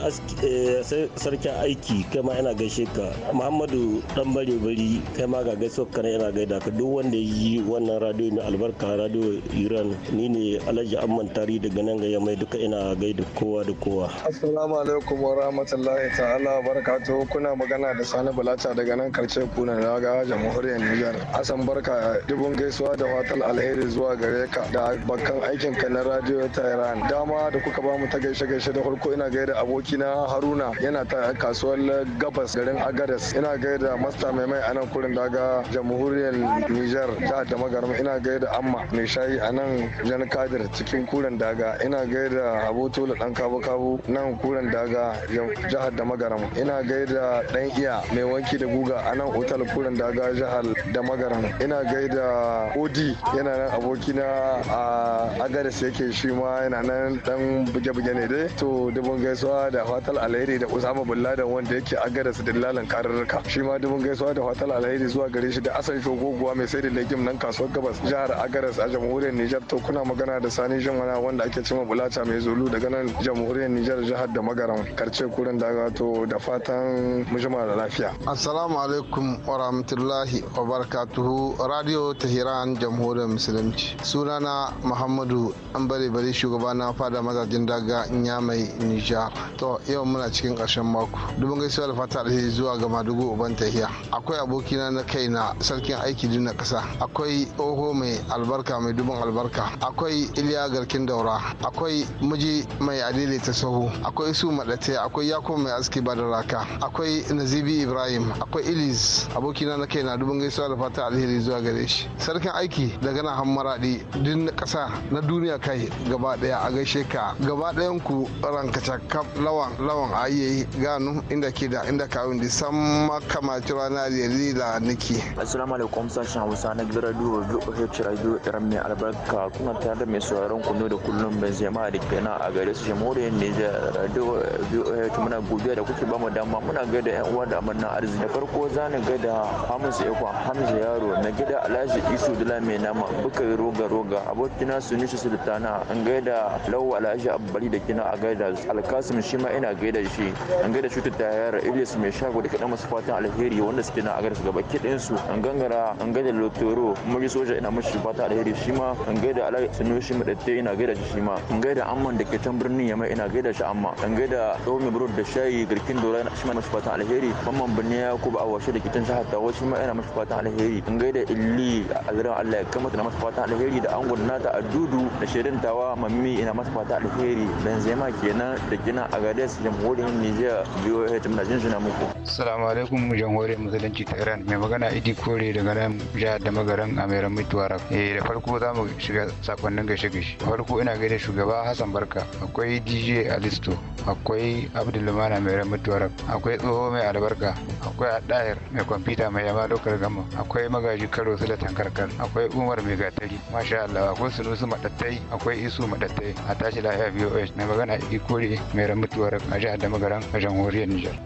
eh, aiki kai ma ina gaishe ka muhammadu dan bare bari kai ma ga gaisuwa kana ina gaida ka duk wanda yi wannan radio mai albarka radio iran ni ne alhaji amman tari daga nan ga yamai duka ina gaida kowa da kowa assalamu alaikum wa rahmatullahi ta'ala barakatuh kuna magana da sani bulata daga nan karshe kuna na ga jamhuriyar niger asan barka dubun gaisuwa da watal alheri zuwa gare gare ka da bakan aikin ka na radio iran Dama da kuka ba mu ta gaishe gaishe da farko ina gaida abokina Haruna yana ta kasuwar Gabas garin Agadas. Ina gaida Masta Mai Mai anan kurin daga Jamhuriyar Niger jihar da Magaram. Ina gaida Amma Mai Shayi anan Jan Kadir cikin kuren daga. Ina gaida Abotola Dan kabu-kabu nan kuren daga jihar da Magaram. Ina gaida Dan Iya Mai Wanki da Guga anan otal kuren daga jihar da Magaram. Ina gaida Odi yana nan abokina gaskiya a agaris yake shi ma yana nan dan buge-buge ne dai to dubun gaisuwa da fatal alheri da usama bulladan wanda yake agaris dillalan karurruka shi ma dubun gaisuwa da fatal alheri zuwa gare shi da asan shogoguwa mai sai da legim nan kasuwar gabas jihar agaris a jamhuriyar nijar to kuna magana da sani jimana wanda ake cima bulaca mai zulu daga nan jamhuriyar nijar jihar da magaran karce kurin da to da fatan mujima da lafiya assalamu alaikum wa rahmatullahi wa barakatuhu radio tehran jamhuriyar musulunci sunana muhammadu an bare bare shugaba na fada mazajin daga nya mai nijar to yau muna cikin karshen mako dubin gaisuwa da fata alheri zuwa ga madugu uban tahiya akwai abokina na kaina sarkin aiki na kasa. akwai oho mai albarka mai dubin albarka akwai iliya garkin daura akwai miji mai adili ta sahu akwai su maɗate akwai yako mai aski ba da raka akwai nazibi ibrahim akwai ilis abokina na kaina dubin gaisuwa da fata alheri zuwa gare shi sarkin aiki daga na hammaradi din kasa na duniya kai gaba daya a gaishe ka gaba dayan ku rankaca kaf lawan lawan aye gano inda ke da inda ka wani san makamaci rana da niki assalamu alaikum sashen hausa na gidan radio voh radio mai albarka kuna tare da mai sauraron ne da kullum mai zama da kenan a gare su ne da radio voh muna godiya da kuke bamu dama muna gaida yan uwa da amanna arziki da farko zani gaida hamisu ikon hamza yaro na gida alhaji isu dila mai nama bukari roga tsaro ga abokina sunushi sultana an gaida lawa alhaji abbali da kina a gaida alkasim shi ma ina gaida shi an gaida shi tayar ilyas mai shago da kaɗan masu fatan alheri wanda suke na a gaida su gaba kiɗin su an gangara an gaida lotoro magi soja ina mashi fatan alheri shi ma an gaida alhaji sunushi madatte ina gaida shi ma an gaida amman da ke can birnin yamai ina gaida shi amma an gaida tsohon mai da shayi girkin dora ina shi ma mashi fatan alheri mamman birni ya kuba a washe da ke can shahar tawo shi ma ina mashi fatan alheri an gaida illi a zirin allah ya kamata na mashi fatan alheri tarihi da angon nata a dudu da tawa mamimi ina masu fata alheri zema kenan da gina agades jamhuriyar nijar biyo ya tumna jin suna muku assalamu alaikum jamhuriyar musulunci ta iran mai magana idi kore daga nan jihar da magaran a mai eh da farko za mu shiga sakonnin gashe gashi. farko ina gaida shugaba hassan barka akwai dj alisto akwai abdulman mai ran akwai tsoho mai albarka akwai adayar mai kwamfuta mai yama lokar gama akwai magaji karo su da tankarkar akwai umar mai gatari sha Allah akwai sunusu madattai akwai isu madattai a tashi lafiya biyu na magana ikore mai ramutuwar a jihar da magaran a jamhuriyar Nijar.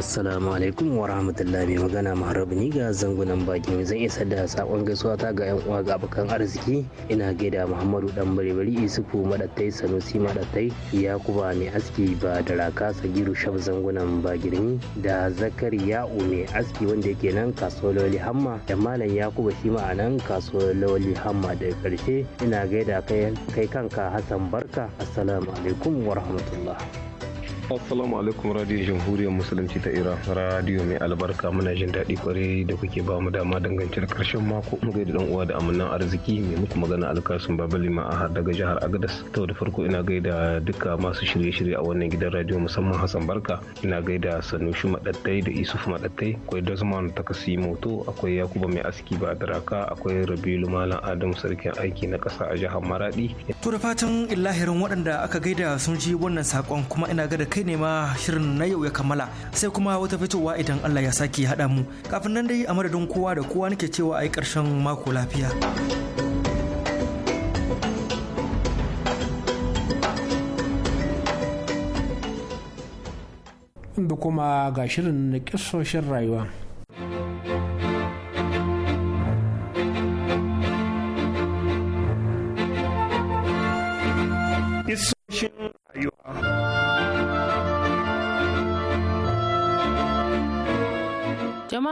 Assalamu alaikum wa rahmatullahi mai magana ni ga zangunan mai zan isa da sakon gaisuwa ta ga 'yan uwa ga abokan arziki ina gaida Muhammadu dan Barebari Isufu Madattai Sanusi Madattai Yakuba mai aski ba da raka Sagiru Shab zangunan bagirmi da Zakari Ya'u mai aski wanda yake nan kasuwar Lawali Hamma da Malam Yakuba shi ma nan kasuwar Lawali Hamma da karshe ina gaida kai kanka Hassan Barka Assalamu alaikum wa rahmatullahi Assalamu alaikum radio jamhuriyar musulunci ta Iran radio mai albarka muna jin daɗi kwarai da kuke ba mu dama dangance da karshen mako mu gaida dan uwa da amannan arziki mai muku magana alkasun babali har daga jihar Agadas to da farko ina gaida duka masu shirye-shirye a wannan gidan radio musamman Hassan Barka ina gaida Sanusi Madattai da Isuf Madattai akwai Dazman Takasi Moto akwai Yakuba mai aski ba daraka akwai Rabilu Malam Adam sarkin aiki na ƙasa a jihar Maradi to da fatan illahirin waɗanda aka gaida sun ji wannan sakon kuma ina gaida kai ne ma shirin na yau ya kammala sai kuma wata fitowa idan Allah ya sake haɗa mu kafin nan dai a madadin kowa da kowa nake cewa a yi ƙarshen mako lafiya. Inda kuma ga shirin na ƙisoshin rayuwa.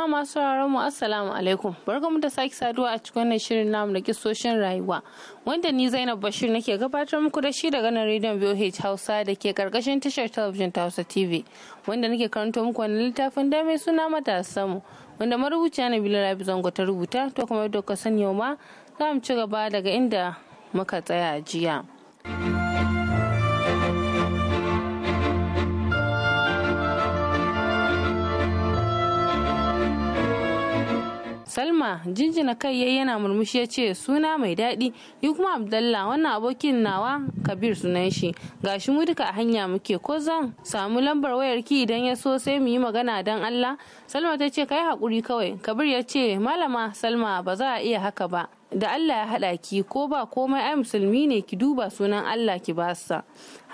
jama'a masu sauraron mu assalamu alaikum mu da sake saduwa a cikin wannan shirin namu da kisoshin rayuwa wanda ni Zainab Bashir nake gabatar muku da shi daga nan rediyon VOH Hausa da ke karkashin tashar talabijin ta Hausa TV wanda nake karanto muku wannan littafin da mai suna matasan mu wanda marubuciya Nabila Rabi Zango ta rubuta to kuma yadda ka sani yau ma za mu ci gaba daga inda muka tsaya jiya. salma jinjina kai yayi yana murmushi ya ce suna mai daɗi yi kuma abdallah wannan abokin nawa kabir sunan shi gashi mu duka a hanya muke ko zan samu lambar wayarki idan ya so sai mu yi magana dan allah salma ta ce kai hakuri kawai kabir ya ce malama salma ba za a iya haka ba da Allah ya haɗa ki ko ba komai ai musulmi ne ki duba sunan Allah ki basa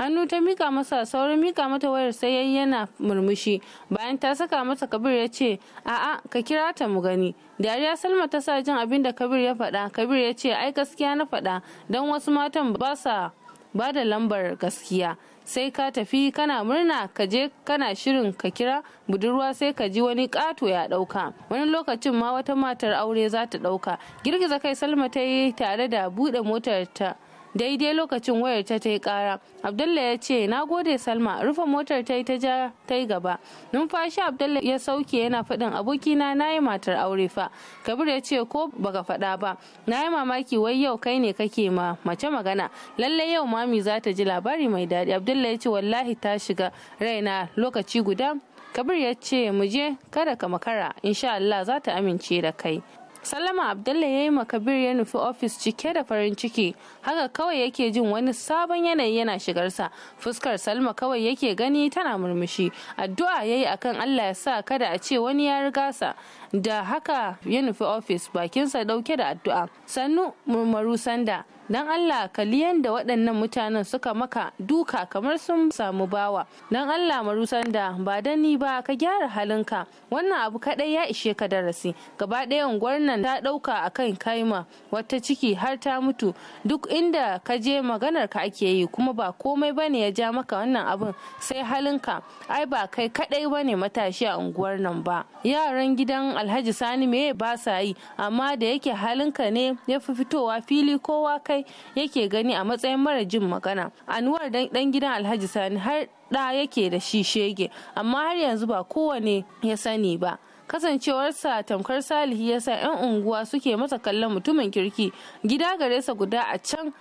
hannu ta mika masa saurin mika mata wayar sai yayi yana murmushi bayan ta saka masa kabir ya ce a'a ka kira ta mu gani dariya salma ta sa jin abin da kabir ya faɗa kabir ya ce ai gaskiya na faɗa don wasu matan ba sa ba da lambar gaskiya sai ka tafi kana murna ka je kana shirin ka kira budurwa sai ka ji wani kato ya ɗauka wani lokacin ma wata matar aure za ta ɗauka girgiza kai salma ta yi tare da buɗe motar ta daidai lokacin wayar ta ta yi kara abdullah ya ce na gode salma rufe motar ta yi ta ja ta yi gaba numfashi abdullah ya sauke yana faɗin abokina na yi matar aure fa kabir ya ce ko baka faɗa ba na yi mamaki wai yau kai ne kake ma mace magana lallai yau mami za ta ji labari mai daɗi abdullah ya ce wallahi ta shiga raina lokaci guda kabir ya ce mu je kada ka makara insha Allah za ta amince da kai Sallama Abdullah ya yi makabir ya nufi ofis cike da farin ciki. Haka kawai yake jin wani sabon yanayi yana shigarsa. Fuskar Salma kawai yake gani tana murmushi. Addu'a ya yi akan Allah ya sa kada a ce wani ya riga sa. Da haka ya nufi ofis bakinsa dauke da addu'a. Sannu murmuru sanda. dan allah kalli da waɗannan mutanen suka maka duka kamar sun samu bawa dan allah marusan da ba da ni ba ka gyara halinka wannan abu kaɗai ya ishe ka darasi gaba ɗaya unguwar ta ɗauka a kan kaima wata ciki har ta mutu duk inda ka je maganar ka ake yi kuma ba komai bane ya ja maka wannan abin sai halinka ai ba kai kaɗai bane matashi a unguwar nan ba yaran gidan alhaji sani me ba sa yi amma da yake halinka ne ya fi fitowa fili kowa kai kai yake gani a matsayin mara jin magana anuwar dan gidan alhaji sani har da yake da shi shege amma har yanzu ba kowane ya sani ba kasancewarsa tamkar salihi sa 'yan unguwa suke masa kallon mutumin kirki gida gare sa guda a can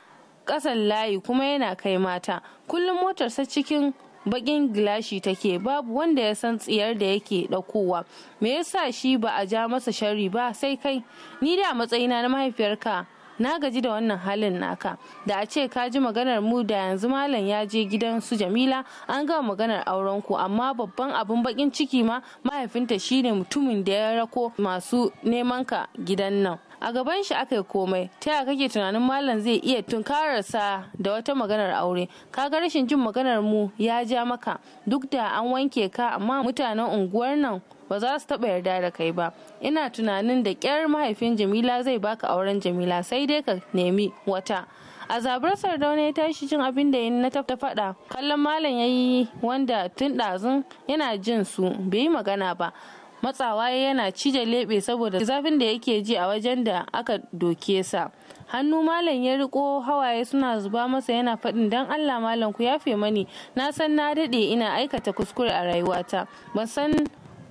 kasan layi kuma yana kai mata kullum motarsa cikin bakin gilashi take babu wanda ya san tsiyar da yake ɗaukowa me yasa shi ba a ja masa shari ba sai kai ni da matsayina na mahaifiyarka na gaji da wannan halin naka da a ce ka ji maganar mu da yanzu malam ya je gidan su jamila an gama maganar auren ku amma babban abin bakin ciki ma mahaifinta shine mutumin da ya rako masu neman ka gidan nan a gaban shi aka yi komai ta yaya kake tunanin malam zai iya tunkararsa da wata maganar aure kaga rashin jin maganar mu ya ja maka duk da an wanke ka amma mutanen unguwar nan ba za su taɓa yarda da kai ba ina tunanin da ƙyar mahaifin jamila zai baka auren jamila sai dai ka nemi wata a zabar sardauna ya tashi jin abin da na ta faɗa kallon malam ya yi wanda tun ɗazun yana jin su bai yi magana ba matsawa yana cije leɓe saboda zafin da yake ji a wajen da aka doke sa hannu malam ya riko hawaye suna zuba masa yana faɗin dan allah malam ku yafe mani na san na daɗe ina aikata kuskure a rayuwata ban san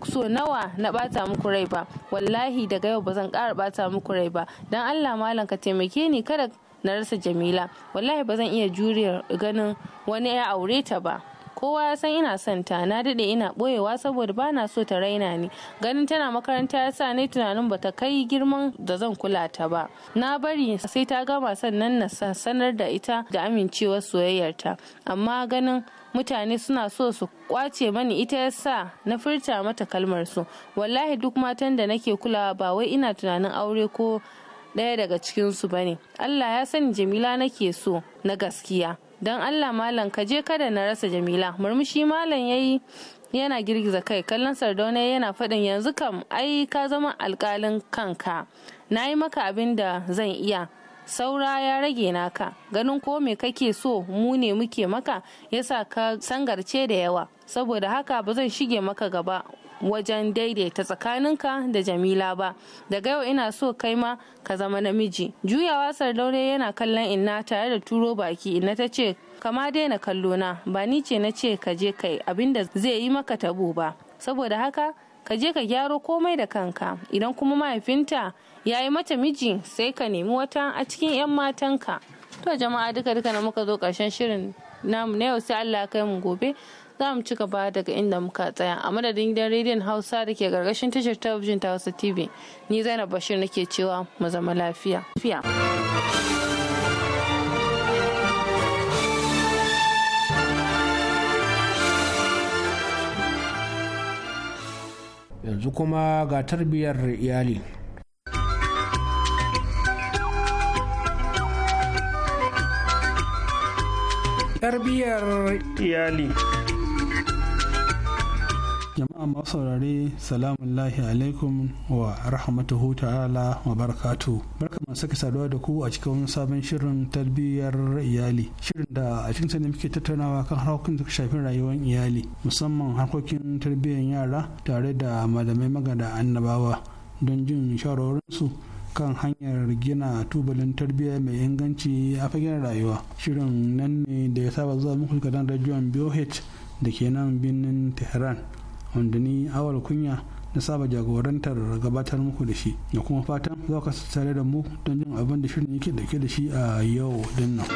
so nawa na bata muku rai ba wallahi daga yau ba zan kara bata muku rai ba don allah malam ka taimake ni kada na rasa jamila wallahi ba zan iya jure ganin wani ya aure ta ba kowa ya san ina son ta na dade ina ɓoyewa saboda bana so ta raina ni ganin tana makaranta ya sa ni tunanin bata kai girman da zan kula ta ba na bari sai ta gama sannan na sanar da ita da amincewar soyayyarta amma ganin mutane suna so su kwace mani ita ya sa na furta mata kalmar su wallahi duk matan da nake kulawa ba wai ina tunanin aure ko ɗaya daga cikinsu ba ne allah ya sani jamila nake so na gaskiya dan allah malam ka je kada na rasa jamila murmushi malam yayi yana girgiza kai kallon sardauna yana faɗin yanzu kam ai ka zama alƙalin kanka na yi maka abin da zan iya saura ya rage naka ganin ko me kake so mu ne muke maka yasa ka sangarce da yawa saboda haka ba zan shige maka gaba wajen daidaita tsakaninka da jamila ba daga yau ina so kai ma ka zama namiji juyawa sardaure yana kallon inna tare da turo baki inna ta ce kama daina kallo na ba ni ce na ce ka je kai abinda zai yi maka tabo ba saboda haka ka je ka gyaro komai da kanka idan kuma mahaifinta ya yi mata miji sai ka nemi wata a cikin 'yan matanka to jama'a duka duka na muka zo karshen shirin namu na yau sai allah ya kai mu gobe za mu ci gaba daga inda muka tsaya a madadin gidan rediyon hausa da ke gargashin tashar talabijin ta hausa tv ni zainab bashir nake cewa mu zama lafiya. yanzu kuma ga tarbiyar iyali tarbiyyar iyali jama'a masu saurare salamun lahi alaikum wa rahmatuhu ta'ala wa barakatu barka masu saki saduwa da ku a cikin sabon shirin tarbiyyar iyali shirin da a cikin sanin muke tattaunawa kan harkokin da shafin rayuwar iyali musamman harkokin tarbiyyar yara tare da malamai magana annabawa don jin su. kan hanyar gina tubalin tarbiyya mai inganci a fagen rayuwa shirin nan ne da ya saba zuwa muku kadan rajiyon boh da ke nan birnin tehran wanda ni awal kunya na saba jagorantar gabatar muku da shi da kuma fatan za ka tare da mu don jin abin da shirin yake da da shi a yau dinnan.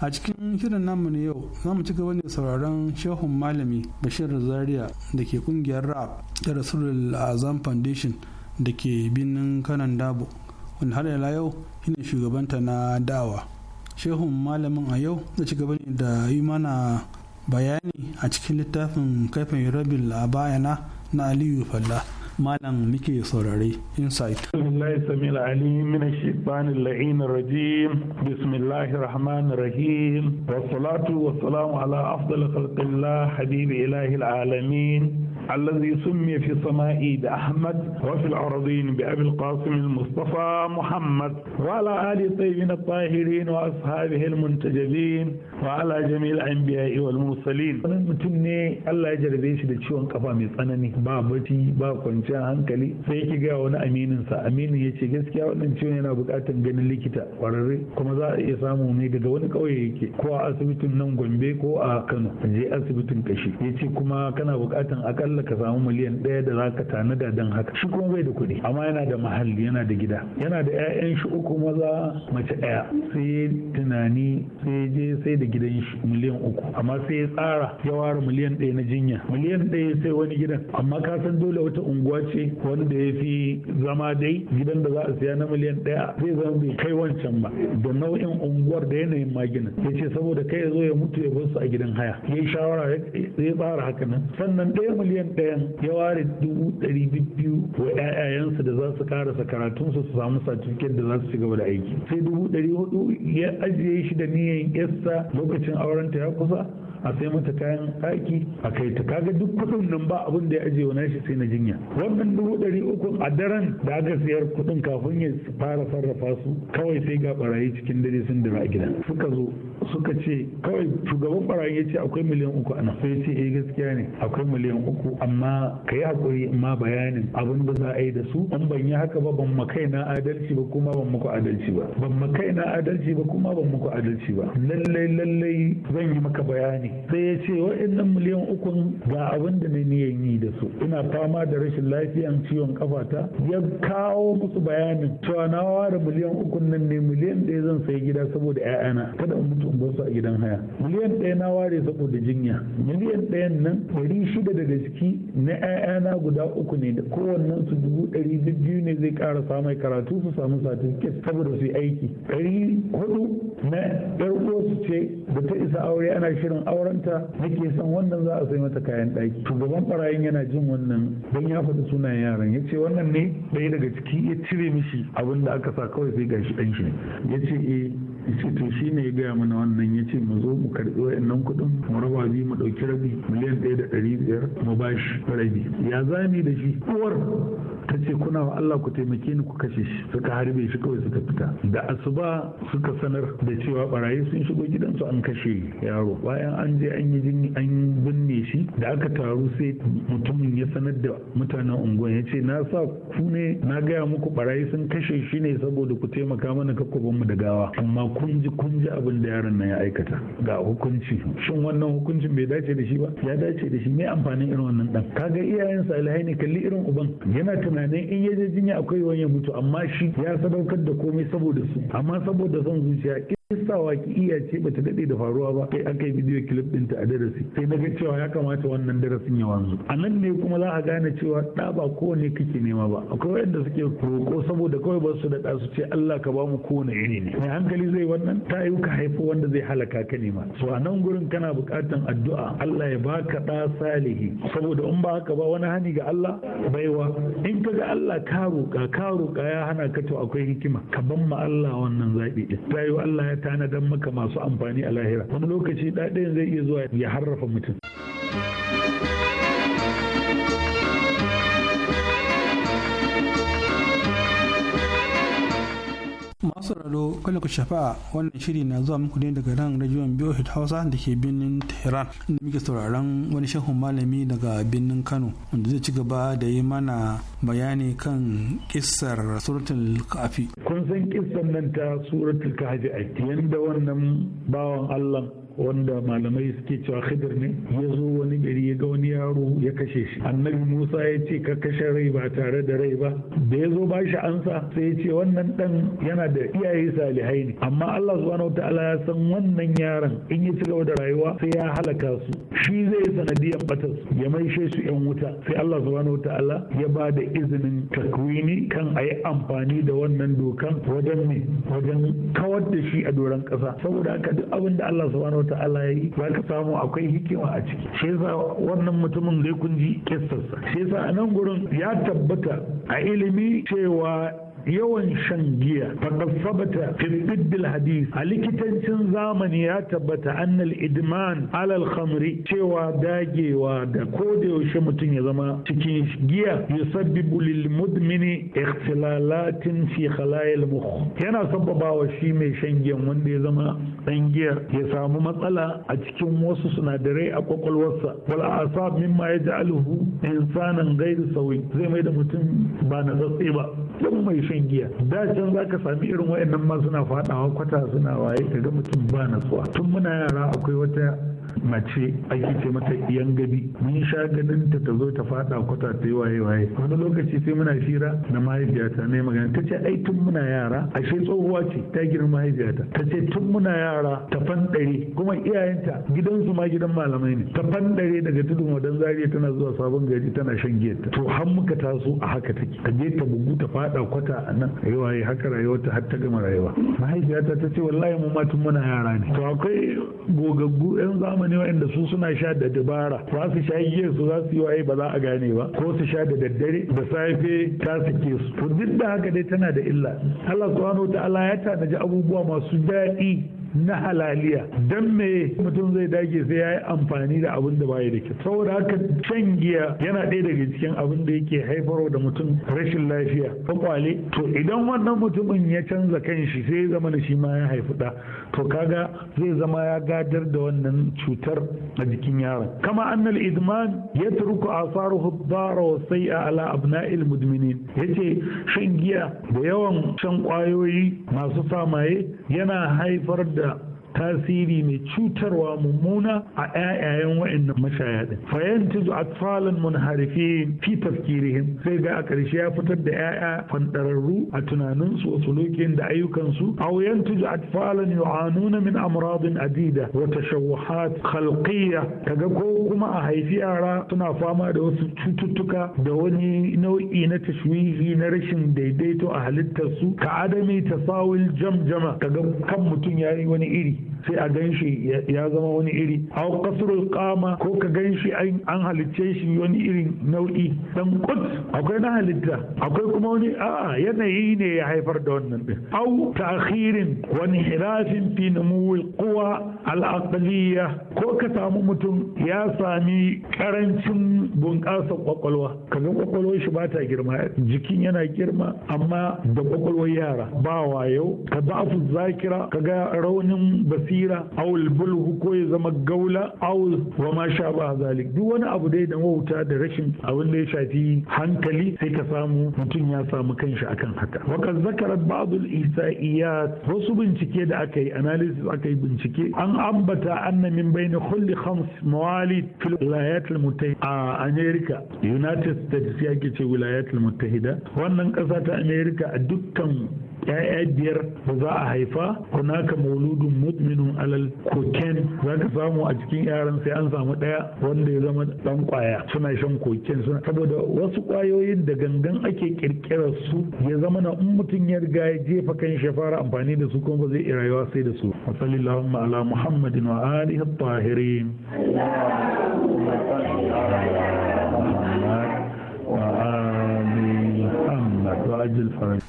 a cikin shirin namu na yau za mu ci gaba ne sauraron shehun malami bashir zaria da ke kungiyar rap da rasulul azam foundation da ke birnin kanan dabo wanda har yala yau shine shugabanta na dawa shehun malamin a yau zai ci gaba ne da yi mana bayani a cikin littafin kaifin rabin a bayana na aliyu fallah. malam muke saurare insight billahi samil ali min ash-shaytan lain rajim bismillahir rahmanir rahim wa salatu wa ala afdal khalqillah habibi alamin الذي سمي في السماء بأحمد وفي الأرضين بأبي القاسم المصطفى محمد وعلى آل الطيبين الطاهرين وأصحابه المنتجبين wa ala jami'il anbiya wal mursalin wannan mutum ne Allah ya jarabe shi da ciwon kafa mai tsanani ba bati ba kwanciyar hankali sai yake ga wani aminin sa aminin ce gaskiya wannan ciwon yana buƙatar ganin likita kwararre kuma za a iya samu ne daga wani ƙauye yake ko a asibitin nan Gombe ko a Kano je asibitin kashi ce kuma kana buƙatar akalla ka samu miliyan ɗaya da zaka tanada dan haka shi kuma bai da kuɗi amma yana da mahalli yana da gida yana da 'ya'yan shi uku maza mace ɗaya sai tunani sai je sai da da gidan shi miliyan uku amma sai ya tsara ya ware miliyan ɗaya na jinya miliyan ɗaya sai wani gidan amma ka san dole wata unguwa ce wanda ya fi zama dai gidan da za a siya na miliyan ɗaya zai zama bai kai wancan ba da nau'in unguwar da yanayin maginin ya ce saboda kai ya zo ya mutu ya bar su a gidan haya ya yi shawara ya tsara haka nan sannan ɗaya miliyan ɗayan ya ware dubu ɗari biyu wa ƴaƴayensu da za su karasa karatunsu su samu satifiket da za su ci gaba da aiki sai dubu ɗari hudu ya ajiye shi da niyan yassa lokacin aurenta ya kusa a sai mata kayan aiki a kai ta kaga duk kudin nan ba abin da ya aje wa shi sai na jinya wannan dubu ɗari uku a daren da aka siyar kudin kafin ya fara sarrafa su kawai sai ga barayi cikin dare sun dira a gidan suka zo suka ce kawai shugaban barayi ya ce akwai miliyan uku a nan sai ce eh gaskiya ne akwai miliyan uku amma ka hakuri amma bayanin abin da za a yi da su in ban yi haka ba ban makai na adalci ba kuma ban muku adalci ba ban makai na adalci ba kuma ban muku adalci ba lallai lallai zan yi maka bayani sai ya ce waɗannan miliyan uku ga abin da na niyan yi da su ina fama da rashin lafiyan ciwon ta. ya kawo musu bayanin cewa na ware miliyan ukun nan ne miliyan ɗaya zan sayi gida saboda ƴaƴana, kada in mutu in su a gidan haya miliyan ɗaya na ware saboda jinya miliyan ɗayan nan ɗari shida daga ciki na ƴaƴana guda uku ne da kowannen su dubu ɗari biyu ne zai ƙara samai karatu su samu satifiket saboda su yi aiki ɗari hudu na 'yar uwarsu ce da ta isa aure ana shirin aure aurenta yake son wannan za a sai mata kayan ɗaki shugaban barayin yana jin wannan don ya faɗi sunayen yaran ya ce wannan ne ɗaya daga ciki ya cire mishi abin da aka sa kawai sai gashi ɗan shi ya ce eh ce to shi ne ya gaya mana wannan ya ce mu zo mu karɓi wayannan kuɗin mu raba biyu mu ɗauki rabi miliyan ɗaya da ɗari biyar mu bashi rabi ya zami da shi uwar ta ce kuna wa Allah ku taimake ni ku kashe shi suka harbe shi kawai suka fita da asuba suka sanar da cewa barayi sun shigo gidansu an kashe yaro bayan an je an yi jini an binne shi da aka taru sai mutumin ya sanar da mutanen unguwan ya ce na sa ku ne na gaya muku barayi sun kashe shi ne saboda ku taimaka mana kakkuban mu da gawa amma kun ji kun ji abin da yaron nan ya aikata ga hukunci shin wannan hukuncin bai dace da shi ba ya dace da shi me amfanin irin wannan dan kaga iyayen salihai ne kalli irin uban yana tunanin in ya je jinya akwai wani ya mutu amma shi ya sadaukar da komai saboda su amma saboda son zuciya waki iya ce bata daɗe da faruwa ba Sai aka yi bidiyo clip ta a darasi sai na ga cewa ya kamata wannan darasin ya wanzu a nan ne kuma za a gane cewa ɗa ba kowane kake nema ba akwai wanda suke roƙo saboda kawai ba su da ɗa su ce Allah ka ba mu kowane iri ne mai hankali zai wannan ta yi ka haifo wanda zai halaka ka nema so a nan gurin kana bukatan addu'a Allah ya baka ɗa salihi saboda in ba haka ba wani hani ga Allah baiwa in ka ga Allah ka roƙa ka roƙa ya hana ka to akwai hikima ka ban ma Allah wannan zaɓi ɗin Allah ya tanadan maka masu amfani a lahira wani lokaci ɗaɗayan zai iya zuwa ya harrafa mutum masu rado kwallo ku shafa wannan shiri na zuwa muku ne daga nan rajiyon biyu hausa da ke birnin tehran inda muke sauraron wani shehun malami daga birnin kano wanda zai ci gaba da yi mana bayani kan kisar suratul kafi kun san kissar nan ta suratul a yanda wannan bawan allah wanda malamai suke cewa khidir ne ya zo wani gari ya ga wani yaro ya kashe shi annabi musa ya ce ka kashe rai ba tare da rai ba da ya zo ba shi ansa sai ya ce wannan dan yana da iyaye salihai ne amma allah subhanahu ta'ala ya san wannan yaron in ya cigaba da rayuwa sai ya halaka su shi zai sanadiyan su ya maishe su yan wuta sai allah subhanahu ta'ala ya ba da izinin takwini kan a yi amfani da wannan dokan wajen ne wajen kawar da shi a doron kasa saboda haka duk abin da allah subhanahu ta'ala ya yi za ka samu akwai hikima a ciki shi yasa wannan mutumin zai kunji kissarsa shi yasa a nan gurin ya tabbata a ilimi cewa yawan shan giya faqad sabata fi tibb hadith a likitancin zamani ya tabbata annal idman al khamri cewa dagewa da koda yaushe mutum ya zama cikin giya yusabbibu lil mudmini ikhtilalatin fi khalayil mukh yana sababawa shi mai shan giyan wanda ya zama dan giya ya samu matsala a cikin wasu sinadarai a kwakwalwarsa wal asab mimma yaj'aluhu insanan ghairu sawi zai mai da mutum ba na tsatse ba duk mai shan giya da can za ka sami irin wa'annan ma suna faɗawa kwata suna waye ka ga mutum ba natsuwa tun muna yara akwai wata mace ake ce mata yan gabi mun sha ganin ta ta zo ta faɗa kwata ta yi waye waye wani lokaci sai muna shira na mahaifiyata ne magana ta ce ai tun muna yara ashe tsohuwa ce ta girma mahaifiyata ta ce tun muna yara ta fanɗare kuma iyayenta gidansu ma gidan malamai ne ta daga tudun wadan zariya tana zuwa sabon gari tana shan giyarta to har muka taso a haka take ta je ta bugu ta faɗa kwata a nan waye haka rayuwarta har ta gama rayuwa mahaifiyata ta ce wallahi mu ma tun muna yara ne to akwai gogaggu yan zamani zamani wa'anda su suna sha da dabara ba su sha yi su za su yi waye ba za a gane ba ko su sha da daddare da safe ta ke su to duk da haka dai tana da illa Allah subhanahu wa ta'ala ya tanaji abubuwa masu daɗi na halaliya dan me mutum zai dage sai ya yi amfani da abin da baya da kyau saboda haka can giya yana ɗaya daga cikin abin da yake haifar da mutum rashin lafiya kwale to idan wannan mutumin ya canza kanshi sai ya zama da shi ma ya haifi da to kaga zai zama ya gadar da wannan cutar a jikin yaron kama annal idman ya turku asaruhu dara wa sai'a ala abna'il mudminin yace shan giya da yawan shan kwayoyi masu samaye yana haifar da up. tasiri mai cutarwa mummuna a 'ya'yayen waɗannan mashaya din fayantizu atfalan munharifin fi tafkirihim sai ga a ƙarshe ya fitar da 'ya'ya fandararru a tunaninsu wasu lokin da ayyukansu aw yantizu atfalan yu'anuna min amradin adida wa tashawuhat khalqiyya kaga ko kuma a haifi yara suna fama da wasu cututtuka da wani nau'i na tashwihi na rashin daidaito a halittarsu ka adami tasawil jamjama kaga kan mutum ya yi wani iri sai a gan shi ya zama wani iri aw kasrul qama ko ka gan shi an halicce shi wani irin nau'i dan kut akwai na halitta akwai kuma wani a'a yanayi ne ya haifar da wannan din au ta'khirin wa inhirafin fi numuwil quwa al ko ka samu mutum ya sami karancin bunƙasar kwakwalwa ga kwakwalwar shi ba ta girma jikin yana girma amma da kwakwalwar yara ba wayo ka ba su zakira ga raunin ba. basira aw bulhu ko ya zama gaula aw wa ma sha ba zalik duk wani abu dai da wauta da rashin abin da ya shafi hankali sai ka samu mutum ya samu kanshi akan haka wa kan zakarat ba'dul isaiyat wasu bincike da aka yi analysis aka yi bincike an ambata anna min baini kulli khams mawalid fil wilayat al a America United States ke ce wilayat al-muttahida wannan kasa ta America a dukkan 'ya'ya biyar da za a haifa hunaka mauludun mutminun alal koken za ka samu a cikin yaran sai an samu ɗaya wanda ya zama ɗan kwaya suna shan koken suna saboda wasu kwayoyin da gangan ake ƙirƙirar su ya zama na in mutum ya riga ya jefa kan shi fara amfani da su kuma ba zai iya rayuwa sai da su wa sallallahu ala muhammadin wa alihi tahirin wa ala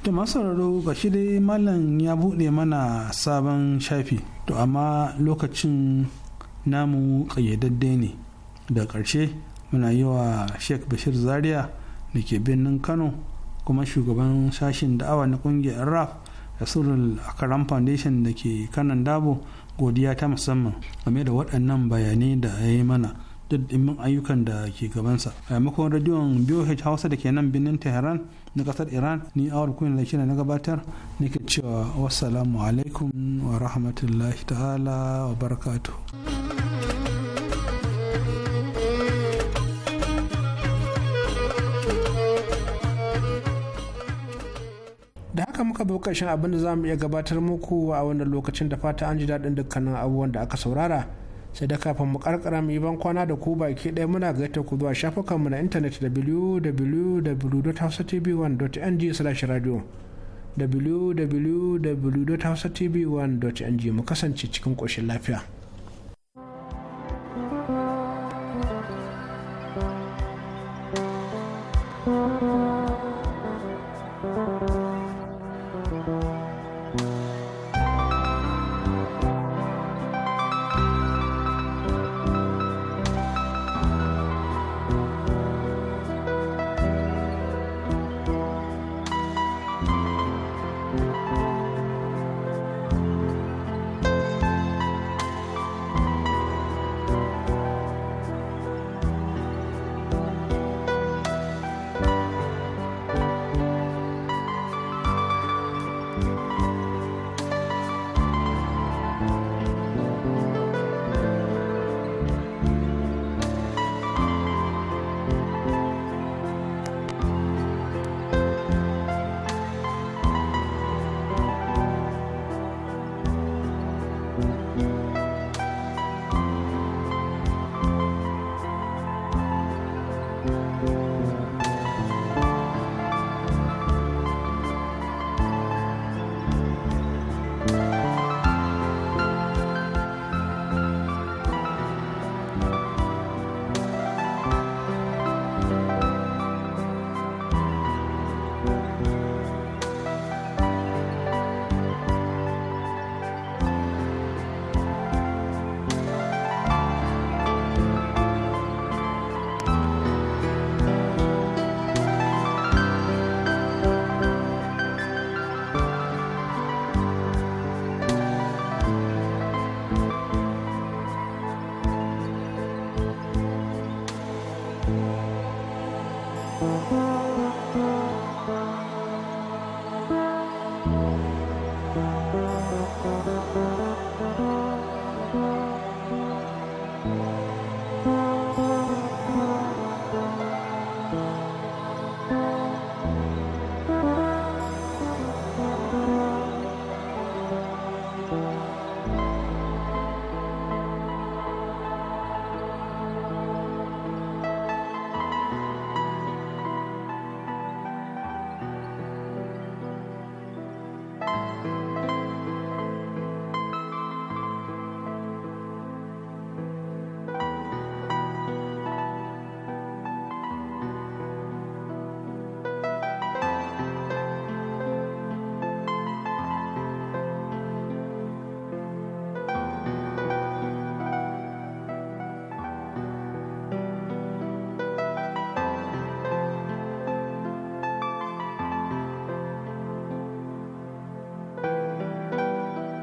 to masararo ga shi dai malam ya buɗe mana sabon shafi to amma lokacin namu ƙayyadadde ne da ƙarshe muna yi wa sheikh bashir zaria da ke birnin kano kuma shugaban sashen da'awa na ƙungiyar raf da surul akaram foundation da ke kanan dabo godiya ta musamman game da waɗannan bayanai da ya yi mana da dimin ayyukan da ke gabansa a maimakon rediyon BOH Hausa da ke nan birnin Tehran na kasar Iran ni awar kuyin da na gabatar nake cewa wassalamu alaikum wa rahmatullahi ta'ala wa barakatu. da haka muka bi karshen abin da za mu iya gabatar muku a wannan lokacin da fata an ji daɗin dukkanin abubuwan da aka saurara sai da kafin mu karkara mu yi ban kwana da ku baki ɗaya muna gaita ku zuwa mu na intanet www.hausatv1.ng/radio www.hausatv1.ng mu kasance cikin ƙoshin lafiya.